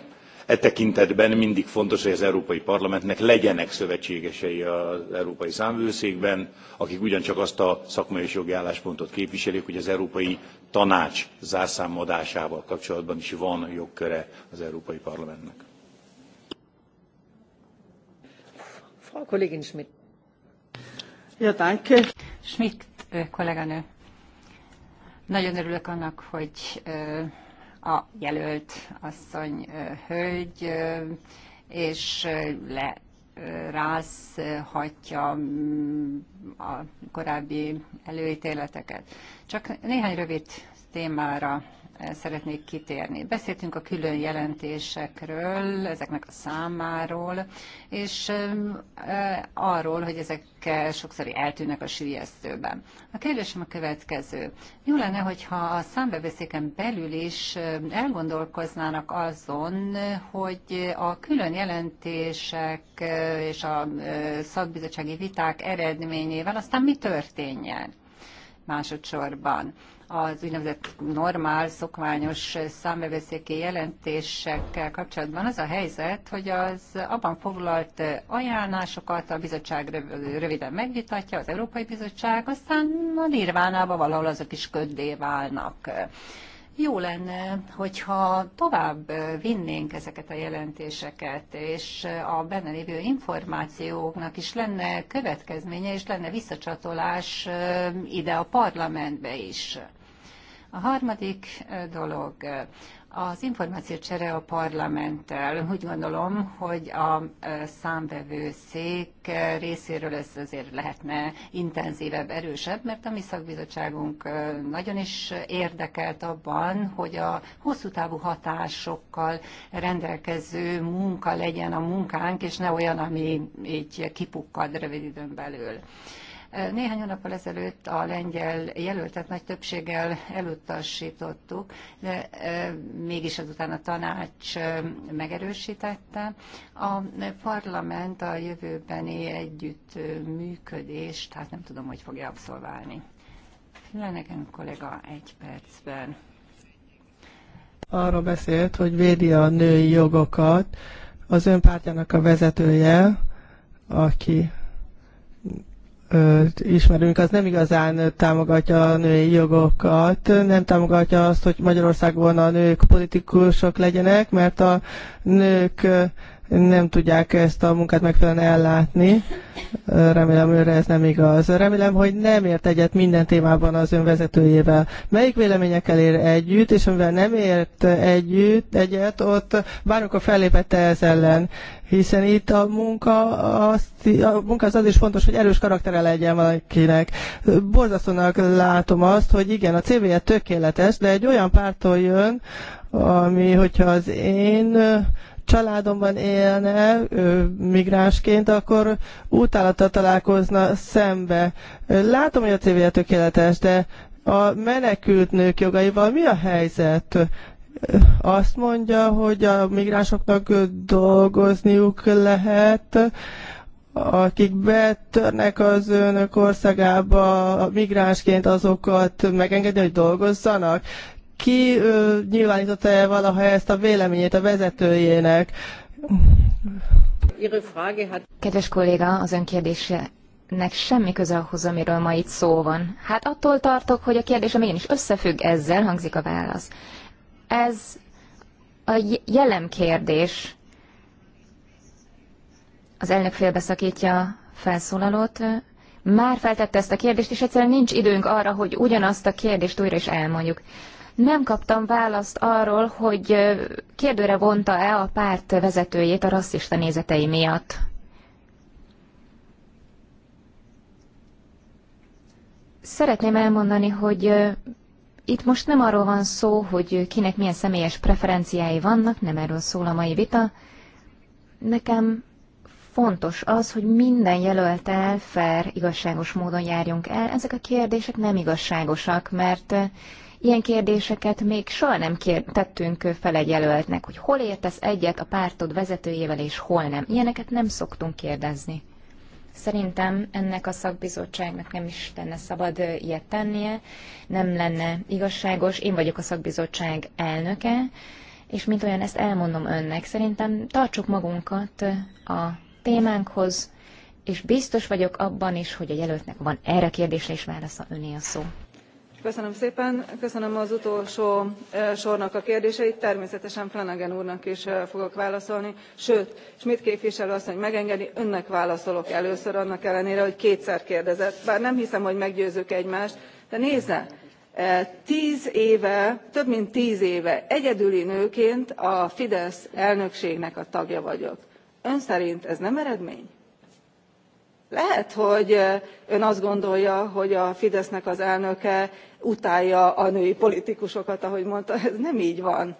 E tekintetben mindig fontos, hogy az Európai Parlamentnek legyenek szövetségesei az Európai Számvőszékben, akik ugyancsak azt a szakmai és jogi álláspontot képviselik, hogy az Európai Tanács zárszámadásával kapcsolatban is van jogköre az Európai Parlamentnek. Frau Kollegin Schmidt. Ja, danke. Schmidt kolléganő. Nagyon örülök annak, hogy a jelölt asszony hölgy, és le rázhatja mm, a korábbi előítéleteket. Csak néhány rövid témára szeretnék kitérni. Beszéltünk a külön jelentésekről, ezeknek a számáról, és arról, hogy ezek sokszor eltűnnek a sülyeztőben. A kérdésem a következő. Jó lenne, hogyha a számbevőszéken belül is elgondolkoznának azon, hogy a külön jelentések és a szakbizottsági viták eredményével aztán mi történjen másodszorban az úgynevezett normál, szokványos számbeveszéki jelentésekkel kapcsolatban az a helyzet, hogy az abban foglalt ajánlásokat a bizottság röviden megvitatja, az Európai Bizottság, aztán a nirvánában valahol azok is köddé válnak. Jó lenne, hogyha tovább vinnénk ezeket a jelentéseket, és a benne lévő információknak is lenne következménye, és lenne visszacsatolás ide a parlamentbe is. A harmadik dolog, az információcsere a parlamenttel. Úgy gondolom, hogy a számbevőszék részéről ez azért lehetne intenzívebb, erősebb, mert a mi szakbizottságunk nagyon is érdekelt abban, hogy a hosszú távú hatásokkal rendelkező munka legyen a munkánk, és ne olyan, ami így kipukkad rövid időn belül. Néhány hónappal ezelőtt a lengyel jelöltet nagy többséggel elutasítottuk, de mégis azután a tanács megerősítette. A parlament a jövőbeni működés, tehát nem tudom, hogy fogja abszolválni. Lenegen kollega egy percben. Arról beszélt, hogy védi a női jogokat. Az önpártjának a vezetője, aki ismerünk, az nem igazán támogatja a női jogokat, nem támogatja azt, hogy Magyarországon a nők politikusok legyenek, mert a nők nem tudják ezt a munkát megfelelően ellátni. Remélem, őre ez nem igaz. Remélem, hogy nem ért egyet minden témában az ön vezetőjével. Melyik véleményekkel ér együtt, és amivel nem ért együtt, egyet, ott bármikor fellépette ez ellen. Hiszen itt a munka, azt, a munka az, az is fontos, hogy erős karaktere legyen valakinek. Borzasztónak látom azt, hogy igen, a CV-je tökéletes, de egy olyan pártól jön, ami, hogyha az én családomban élne migránsként, akkor utálata találkozna szembe. Látom, hogy a CV tökéletes, de a menekült nők jogaival mi a helyzet? Azt mondja, hogy a migránsoknak dolgozniuk lehet, akik betörnek az önök országába migránsként, azokat megengedni, hogy dolgozzanak ki ö, nyilvánította el valaha ezt a véleményét a vezetőjének? Kedves kolléga, az ön kérdése nek semmi köze ahhoz, amiről ma itt szó van. Hát attól tartok, hogy a kérdésem igenis összefügg ezzel, hangzik a válasz. Ez a jellem kérdés. Az elnök félbeszakítja felszólalót. Már feltette ezt a kérdést, és egyszerűen nincs időnk arra, hogy ugyanazt a kérdést újra is elmondjuk. Nem kaptam választ arról, hogy kérdőre vonta-e a párt vezetőjét a rasszista nézetei miatt. Szeretném elmondani, hogy itt most nem arról van szó, hogy kinek milyen személyes preferenciái vannak, nem erről szól a mai vita. Nekem fontos az, hogy minden jelöltel fair, igazságos módon járjunk el. Ezek a kérdések nem igazságosak, mert Ilyen kérdéseket még soha nem kér, tettünk fel egy jelöltnek, hogy hol értesz egyet a pártod vezetőjével, és hol nem. Ilyeneket nem szoktunk kérdezni. Szerintem ennek a szakbizottságnak nem is lenne szabad ilyet tennie, nem lenne igazságos. Én vagyok a szakbizottság elnöke, és mint olyan ezt elmondom önnek. Szerintem tartsuk magunkat a témánkhoz, és biztos vagyok abban is, hogy a jelöltnek van erre a kérdésre is válasza öné a szó köszönöm szépen köszönöm az utolsó sornak a kérdéseit természetesen flanagan úrnak is fogok válaszolni sőt schmidt képviselő asszony megengedi önnek válaszolok először annak ellenére hogy kétszer kérdezett bár nem hiszem hogy meggyőzzük egymást de nézze tz éve több mint tz éve egyedüli nőként a fidesz elnökségnek a tagja vagyok. ön szerint ez nem eredmény? lehet hogy ön azt gondolja hogy a fidesznek az elnöke utálja a női politikusokat ahogy mondta ez nem gy van.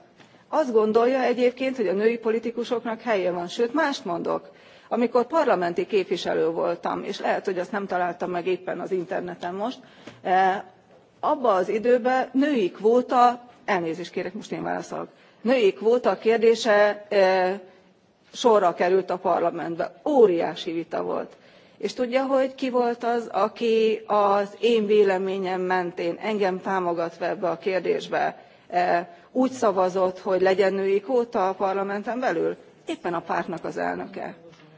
azt gondolja egyébként hogy a női politikusoknak helye van sőt mást mondok amikor parlamenti képviselő voltam és lehet hogy azt nem találtam meg éppen az interneten most eh, abban az időben női kvóta elnézést kérek most én válaszolok női kvóta kérdése eh, sorra került a parlamentbe óriási vita volt és tudja hogy ki volt az aki az én véleményem mentén engem támogatva ebbe a kérdésbe e, úgy szavazott hogy legyen női kvóta a parlamenten belül? éppen a pártnak az elnöke.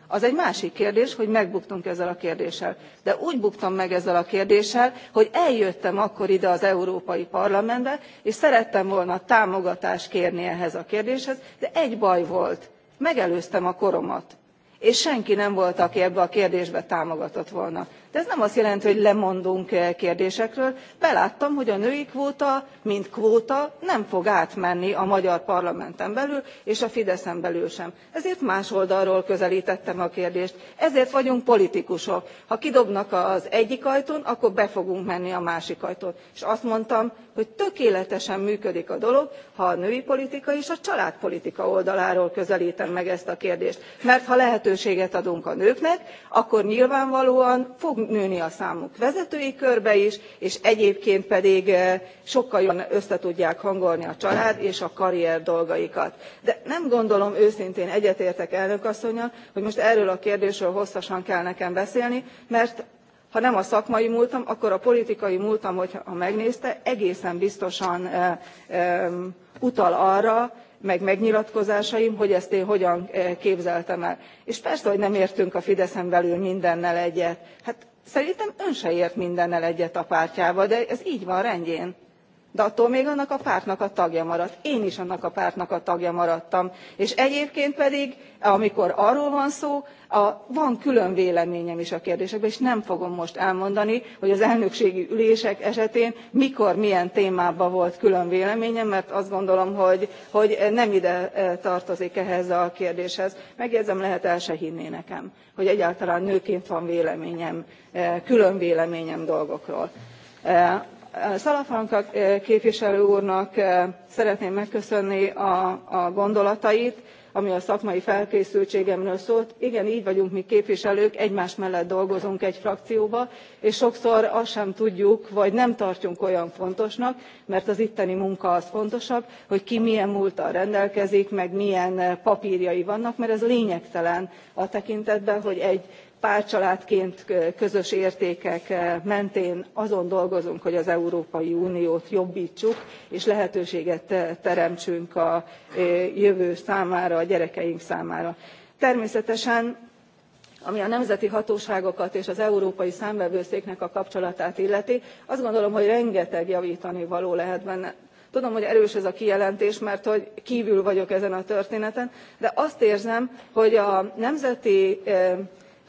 az egy másik kérdés hogy megbuktunk ezzel a kérdéssel de úgy buktam meg ezzel a kérdéssel hogy eljöttem akkor ide az európai parlamentbe és szerettem volna támogatást kérni ehhez a kérdéshez de egy baj volt megelőztem a koromat és senki nem volt aki ebbe a kérdésbe támogatott volna de ez nem azt jelenti hogy lemondunk eh, kérdésekről beláttam hogy a női kvóta mint kvóta nem fog átmenni a magyar parlamenten belül és a fideszen belül sem ezért más oldalról közeltettem a kérdést ezért vagyunk politikusok ha kidobnak az egyik ajtón akkor be fogunk menni a másik ajtón és azt mondtam hogy tökéletesen működik a dolog ha a női politika és a családpolitika oldaláról közeltem meg ezt a kérdést mert ha lehetőséget adunk a nőknek akkor nyilvánvalóan fog nőni a számuk vezetői körben is és egyébként pedig eh, sokkal jobban össze tudják hangolni a család és a karrier dolgaikat. de nem gondolom őszintén egyetértek elnök asszonnyal hogy most erről a kérdésről hosszasan kell nekem beszélni mert ha nem a szakmai múltam akkor a politikai múltam hogyha megnézte egészen biztosan eh, utal arra meg megnyilatkozásaim hogy ezt én hogyan eh, képzeltem el. és persze hogy nem értünk a fideszen belül mindennel egyet hát szerintem ön se ért mindennel egyet a pártjával de ez gy van rendjén de attól még annak a pártnak a tagja maradt. én is annak a pártnak a tagja maradtam és egyébként pedig amikor arról van szó van külön véleményem is a kérdésekben és nem fogom most elmondani hogy az elnökségi ülések esetén mikor milyen témában volt külön véleményem mert azt gondolom hogy, hogy nem ide e, tartozik ehhez a kérdéshez. megjegyzem lehet el se hinné nekem hogy egyáltalán nőként van véleményem e, külön véleményem dolgokról e, salafranca képviselő úrnak szeretném megköszönni a, gondolatait ami a szakmai felkészültségemről szólt. igen gy vagyunk mi képviselők egymás mellett dolgozunk egy frakcióban és sokszor azt sem tudjuk vagy nem tartjuk olyan fontosnak mert az itteni munka az fontosabb hogy ki milyen múlttal rendelkezik meg milyen paprjai vannak mert ez lényegtelen a tekintetben hogy egy pártcsaládként közös értékek mentén azon dolgozunk hogy az európai uniót jobbtsuk és lehetőséget teremtsünk a jövő számára a gyerekeink számára. természetesen ami a nemzeti hatóságokat és az európai számvevőszéknek a kapcsolatát illeti azt gondolom hogy rengeteg javtanivaló való lehet benne. tudom hogy erős ez a kijelentés mert hogy kvül vagyok ezen a történeten de azt érzem hogy a nemzeti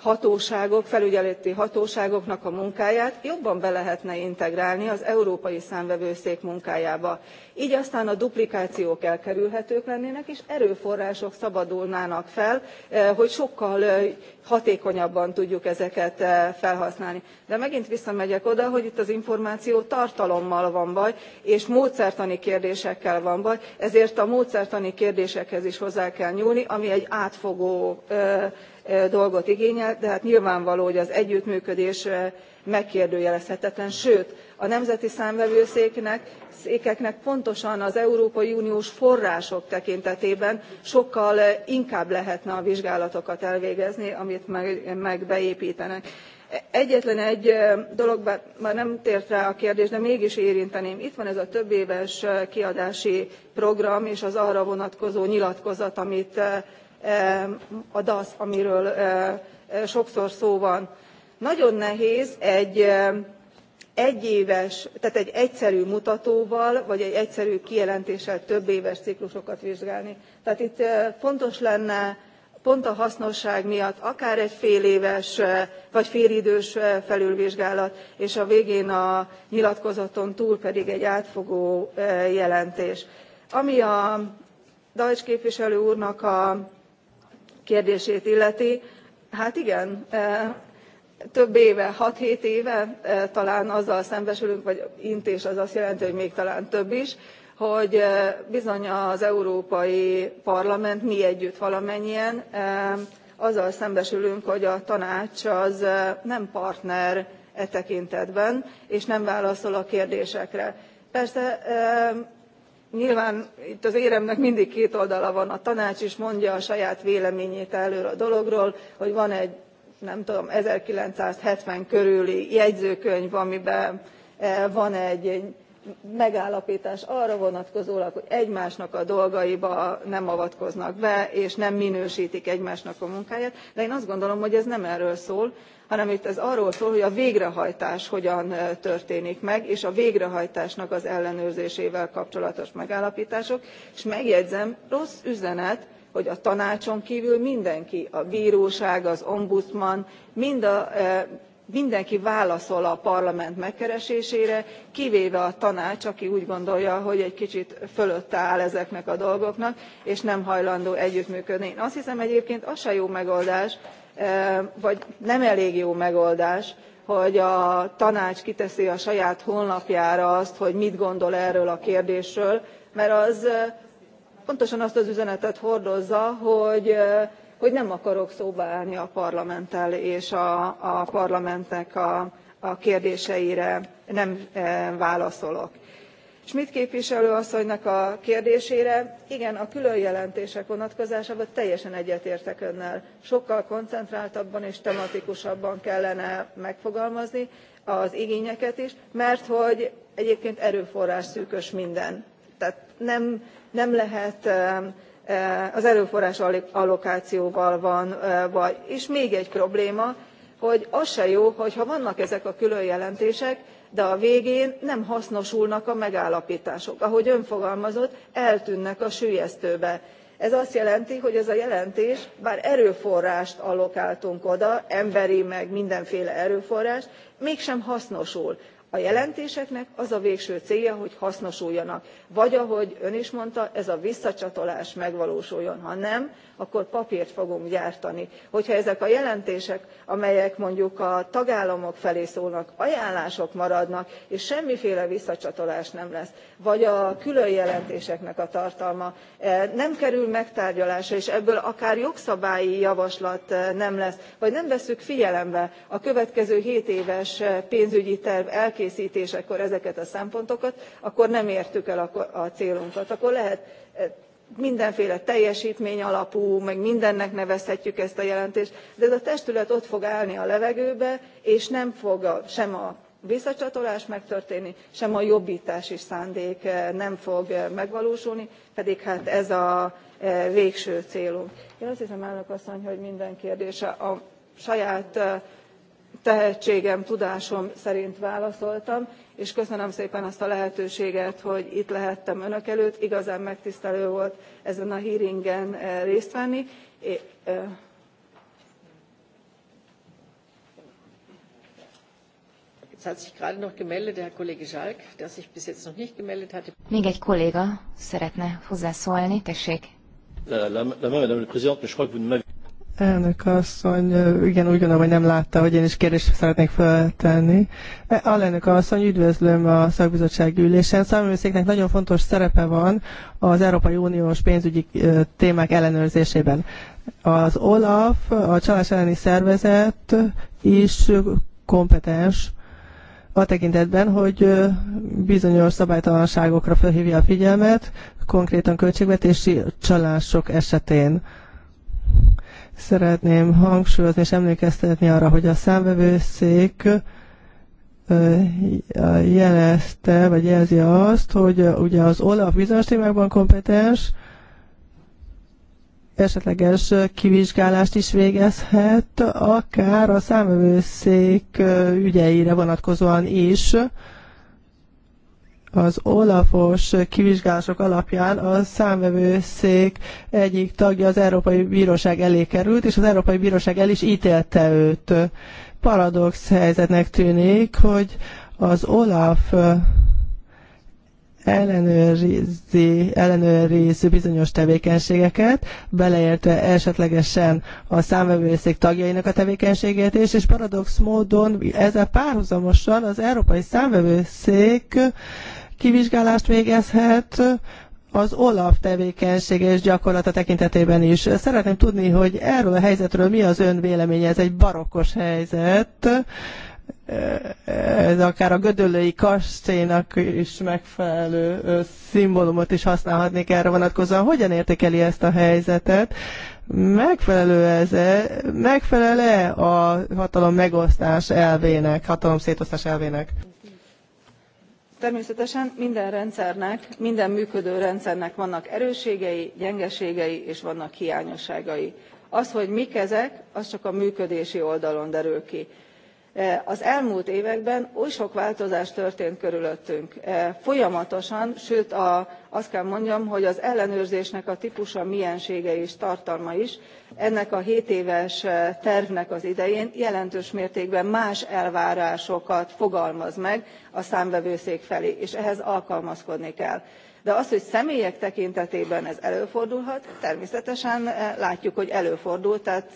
hatóságok felügyeleti hatóságoknak a munkáját jobban be lehetne integrálni az európai számvevőszék munkájába gy aztán a duplikációk elkerülhetők lennének és erőforrások szabadulnának fel eh, hogy sokkal eh, hatékonyabban tudjuk ezeket eh, felhasználni. de megint visszamegyek oda hogy itt az információ tartalommal van baj és módszertani kérdésekkel van baj ezért a módszertani kérdésekhez is hozzá kell nyúlni ami egy átfogó dolgot igényel de hát nyilvánvaló hogy az együttműködés megkérdőjelezhetetlen sőt a nemzeti számvevőszékeknek pontosan az európai uniós források tekintetében sokkal inkább lehetne a vizsgálatokat elvégezni amit meg, beéptenek. egyetlen egy dolog bár már nem tért rá a kérdés de mégis érinteném itt van ez a többéves kiadási program és az arra vonatkozó nyilatkozat amit a dasz amiről sokszor szó van. nagyon nehéz egy egyéves tehát egy egyszerű mutatóval vagy egy egyszerű kijelentéssel többéves ciklusokat vizsgálni. tehát itt fontos lenne pont a hasznosság miatt akár egy éves vagy félidős felülvizsgálat és a végén a nyilatkozaton túl pedig egy átfogó jelentés. ami a Dajcs képviselő úrnak a kérdését illeti hát igen e, több éve hat hét éve e, talán azzal szembesülünk vagy intés az azt jelenti hogy még talán több is hogy e, bizony az európai parlament mi együtt valamennyien azzal szembesülünk hogy a tanács az nem partner e tekintetben és nem válaszol a kérdésekre. persze nyilván itt az éremnek mindig két oldala van a tanács is mondja a saját véleményét erről a dologról hogy van egy nem tudom one thousand nine hundred and seventy körüli jegyzőkönyv amiben eh, van egy megállaptás arra vonatkozólag hogy egymásnak a dolgaiba nem avatkoznak be és nem minőstik egymásnak a munkáját de én azt gondolom hogy ez nem erről szól hanem itt ez arról szól hogy a végrehajtás hogyan történik meg és a végrehajtásnak az ellenőrzésével kapcsolatos megállaptások és megjegyzem rossz üzenet hogy a tanácson kvül mindenki a bróság az ombudsman mindenki válaszol a parlament megkeresésére kivéve a tanács aki úgy gondolja hogy egy kicsit fölötte áll ezeknek a dolgoknak és nem hajlandó együttműködni. én azt hiszem egyébként az se jó megoldás vagy nem elég jó megoldás hogy a tanács kiteszi a saját honlapjára azt hogy mit gondol erről a kérdésről mert az pontosan azt az üzenetet hordozza hogy hogy nem akarok szóba állni a parlamenttel és a, parlamentnek a kérdéseire nem válaszolok schmidt képviselő asszonynak a kérdésére igen a különjelentések vonatkozásában teljesen egyetértek önnel sokkal koncentráltabban és tematikusabban kellene megfogalmazni az igényeket is mert hogy egyébként erőforrás minden tehát nem, nem lehet az erőforrás allokációval van baj. és még egy probléma hogy az se jó hogyha vannak ezek a különjelentések de a végén nem hasznosulnak a megállaptások ahogy ön fogalmazott eltűnnek a süllyesztőbe. ez azt jelenti hogy ez a jelentés bár erőforrást allokáltunk oda emberi meg mindenféle erőforrást mégsem hasznosul a jelentéseknek az a végső célja hogy hasznosuljanak vagy ahogy ön is mondta ez a visszacsatolás megvalósuljon ha nem akkor paprt fogunk gyártani. hogyha ezek a jelentések amelyek mondjuk a tagállamok felé szólnak ajánlások maradnak és semmiféle visszacsatolás nem lesz vagy a külön jelentéseknek a tartalma e, nem kerül megtárgyalásra és ebből akár jogszabályi javaslat e, nem lesz vagy nem vesszük figyelembe a következő hétéves e, pénzügyi terv elképzeléseit elkésztésekor ezeket a szempontokat akkor nem értük el a célunkat akkor lehet eh, mindenféle teljestményalapú alapú meg mindennek nevezhetjük ezt a jelentést de ez a testület ott fog állni a levegőben és nem fog sem a visszacsatolás megtörténni sem a jobbtási szándék eh, nem fog eh, megvalósulni pedig hát ez a végső célunk. én azt hiszem elnök asszony hogy minden kérdése a saját tehetségem tudásom szerint válaszoltam és köszönöm szépen azt a lehetőséget hogy itt lehettem önök előtt igazán megtisztelő volt ezen a hearingen eh, részt venni. Eh, Még egy kolléga szeretne hozzászólni, tessék. Elnök asszony, igen, úgy gondolom, hogy nem látta, hogy én is kérdést szeretnék feltenni. E, alelnök asszony, üdvözlöm a szakbizottság ülésen. Számomőszéknek nagyon fontos szerepe van az Európai Uniós pénzügyi témák ellenőrzésében. Az OLAF, a csalás elleni szervezet is kompetens a tekintetben, hogy bizonyos szabálytalanságokra felhívja a figyelmet, konkrétan költségvetési csalások esetén Szeretném hangsúlyozni és emlékeztetni arra, hogy a számvevőszék jelezte, vagy jelzi azt, hogy ugye az OLAF bizonyos témákban kompetens, esetleges kivizsgálást is végezhet, akár a számvevőszék ügyeire vonatkozóan is, az olafos kivizsgálások alapján a számvevőszék egyik tagja az Európai Bíróság elé került, és az Európai Bíróság el is ítélte őt. Paradox helyzetnek tűnik, hogy az Olaf ellenőrizi, ellenőriz bizonyos tevékenységeket, beleértve esetlegesen a számvevőszék tagjainak a tevékenységét is, és paradox módon ezzel párhuzamosan az Európai Számvevőszék kivizsgálást végezhet, az OLAF tevékenysége és gyakorlata tekintetében is. Szeretném tudni, hogy erről a helyzetről mi az ön véleménye, ez egy barokkos helyzet, ez akár a gödöllői kastélynak is megfelelő szimbólumot is használhatnék erre vonatkozóan. Hogyan értékeli ezt a helyzetet? Megfelelő ez -e? Megfelele a hatalom megosztás elvének, hatalom szétosztás elvének? természetesen minden rendszernek minden működő rendszernek vannak erősségei gyengeségei és vannak hiányosságai. az hogy mik ezek az csak a működési oldalon derül ki. E, az elmúlt években oly sok változás történt körülöttünk e, folyamatosan sőt a, azt kell mondjam hogy az ellenőrzésnek a tpusa miensége és tartalma is ennek a hétéves e, tervnek az idején jelentős mértékben más elvárásokat fogalmaz meg a számvevőszék felé és ehhez alkalmazkodni kell de az hogy személyek tekintetében ez előfordulhat természetesen látjuk hogy előfordul tehát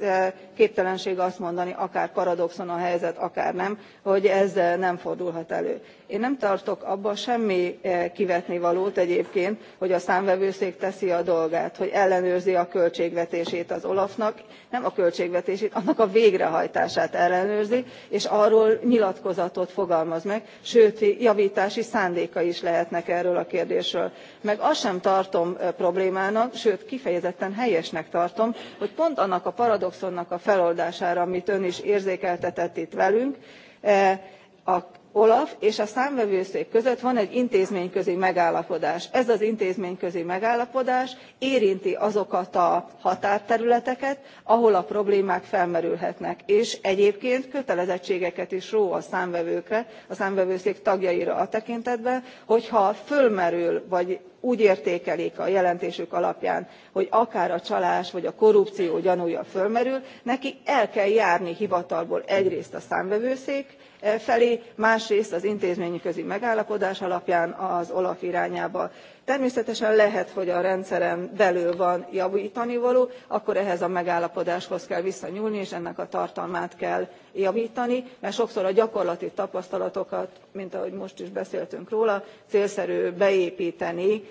képtelenség azt mondani akár paradoxon a helyzet akár nem hogy ez eh, nem fordulhat elő. én nem tartok abban semmi eh, kivetnivalót egyébként hogy a számvevőszék teszi a dolgát hogy ellenőrzi a költségvetését az olaf nak nem a költségvetését annak a végrehajtását ellenőrzi és arról nyilatkozatot fogalmaz meg sőt javtási szándéka is lehetnek erről a kérdésről. meg azt sem tartom eh, problémának sőt kifejezetten helyesnek tartom hogy pont annak a paradoxonnak a feloldására amit ön is érzékeltetett itt velünk e, a olaf és a számvevőszék között van egy intézményközi megállapodás. ez az intézményközi megállapodás érinti azokat a határterületeket ahol a problémák felmerülhetnek és egyébként kötelezettségeket is ró a számvevőkre a számvevőszék tagjaira a tekintetben hogyha fölmerül vagy úgy értékelik a jelentésük alapján hogy akár a csalás vagy a korrupció gyanúja fölmerül nekik el kell járni hivatalból egyrészt a számvevőszék E, felé másrészt az intézményközi megállapodás alapján az olaf irányába. természetesen lehet hogy a rendszeren belül van javtanivaló akkor ehhez a megállapodáshoz kell visszanyúlni és ennek a tartalmát kell javtani mert sokszor a gyakorlati tapasztalatokat mint ahogy most is beszéltünk róla célszerű beépteni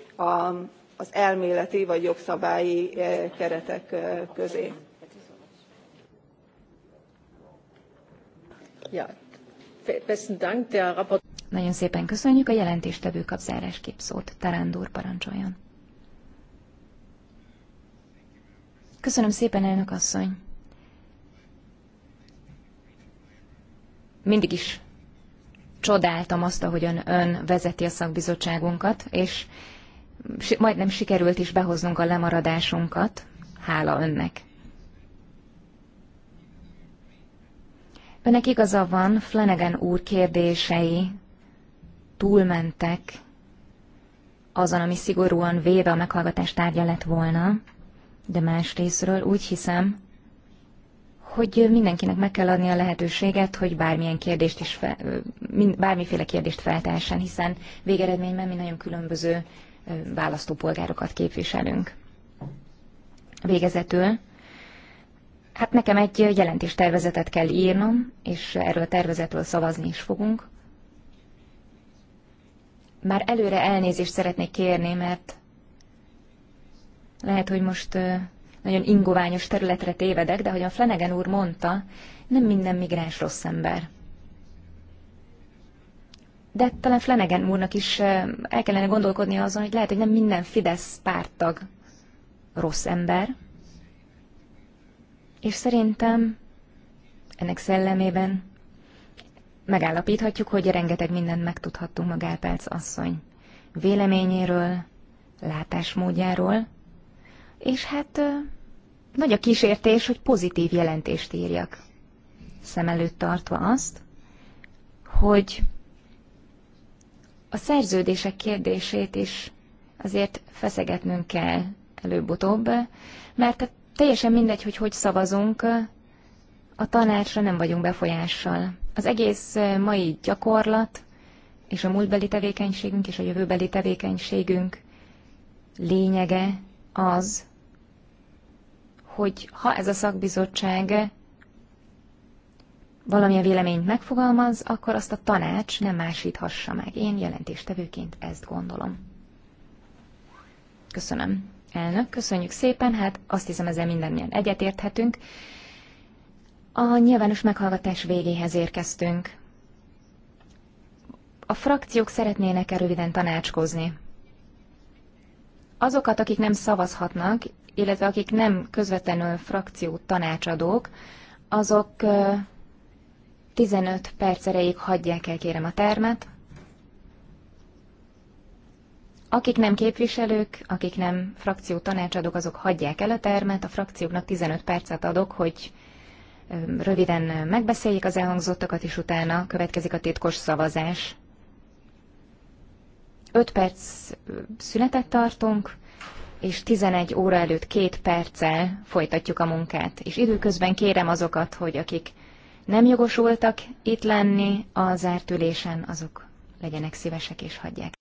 az elméleti vagy jogszabályi e, keretek e, közé. Nagyon szépen köszönjük, a jelentéstevő kap záráskép szót. Tarándúr parancsoljon. Köszönöm szépen, elnök asszony. Mindig is csodáltam azt, ahogyan ön vezeti a szakbizottságunkat, és majdnem sikerült is behoznunk a lemaradásunkat. Hála önnek. Önnek igaza van, Flanagan úr kérdései túlmentek azon, ami szigorúan véve a meghallgatás tárgya lett volna, de más részről úgy hiszem, hogy mindenkinek meg kell adni a lehetőséget, hogy bármilyen kérdést is fe, mind, bármiféle kérdést feltehessen, hiszen végeredményben mi nagyon különböző választópolgárokat képviselünk. Végezetül Hát nekem egy tervezetet kell írnom, és erről a tervezetről szavazni is fogunk. Már előre elnézést szeretnék kérni, mert lehet, hogy most nagyon ingoványos területre tévedek, de a Flanagan úr mondta, nem minden migráns rossz ember. De talán Flanagan úrnak is el kellene gondolkodnia azon, hogy lehet, hogy nem minden Fidesz párttag rossz ember, és szerintem ennek szellemében megállapíthatjuk, hogy rengeteg mindent megtudhattunk a Álpelc asszony véleményéről, látásmódjáról, és hát nagy a kísértés, hogy pozitív jelentést írjak. Szem előtt tartva azt, hogy a szerződések kérdését is azért feszegetnünk kell előbb-utóbb, mert a teljesen mindegy, hogy hogy szavazunk, a tanácsra nem vagyunk befolyással. Az egész eh, mai gyakorlat, és a múltbeli tevékenységünk, és a jövőbeli tevékenységünk lényege az, hogy ha ez a szakbizottság valamilyen véleményt megfogalmaz, akkor azt a tanács nem másíthassa meg. Én jelentéstevőként ezt gondolom. Köszönöm. Elnök, köszönjük szépen, hát azt hiszem ezzel mindannyian egyetérthetünk. A nyilvános meghallgatás végéhez érkeztünk. A frakciók szeretnének-e röviden tanácskozni? Azokat, akik nem szavazhatnak, illetve akik nem közvetlenül frakció tanácsadók, azok 15 perc erejéig hagyják el kérem a termet. Akik nem képviselők, akik nem frakció tanácsadók, azok hagyják el a termet. A frakcióknak 15 percet adok, hogy röviden megbeszéljék az elhangzottakat, és utána következik a titkos szavazás. 5 perc szünetet tartunk, és 11 óra előtt két perccel folytatjuk a munkát. És időközben kérem azokat, hogy akik nem jogosultak itt lenni a zárt ülésen, azok legyenek szívesek és hagyják.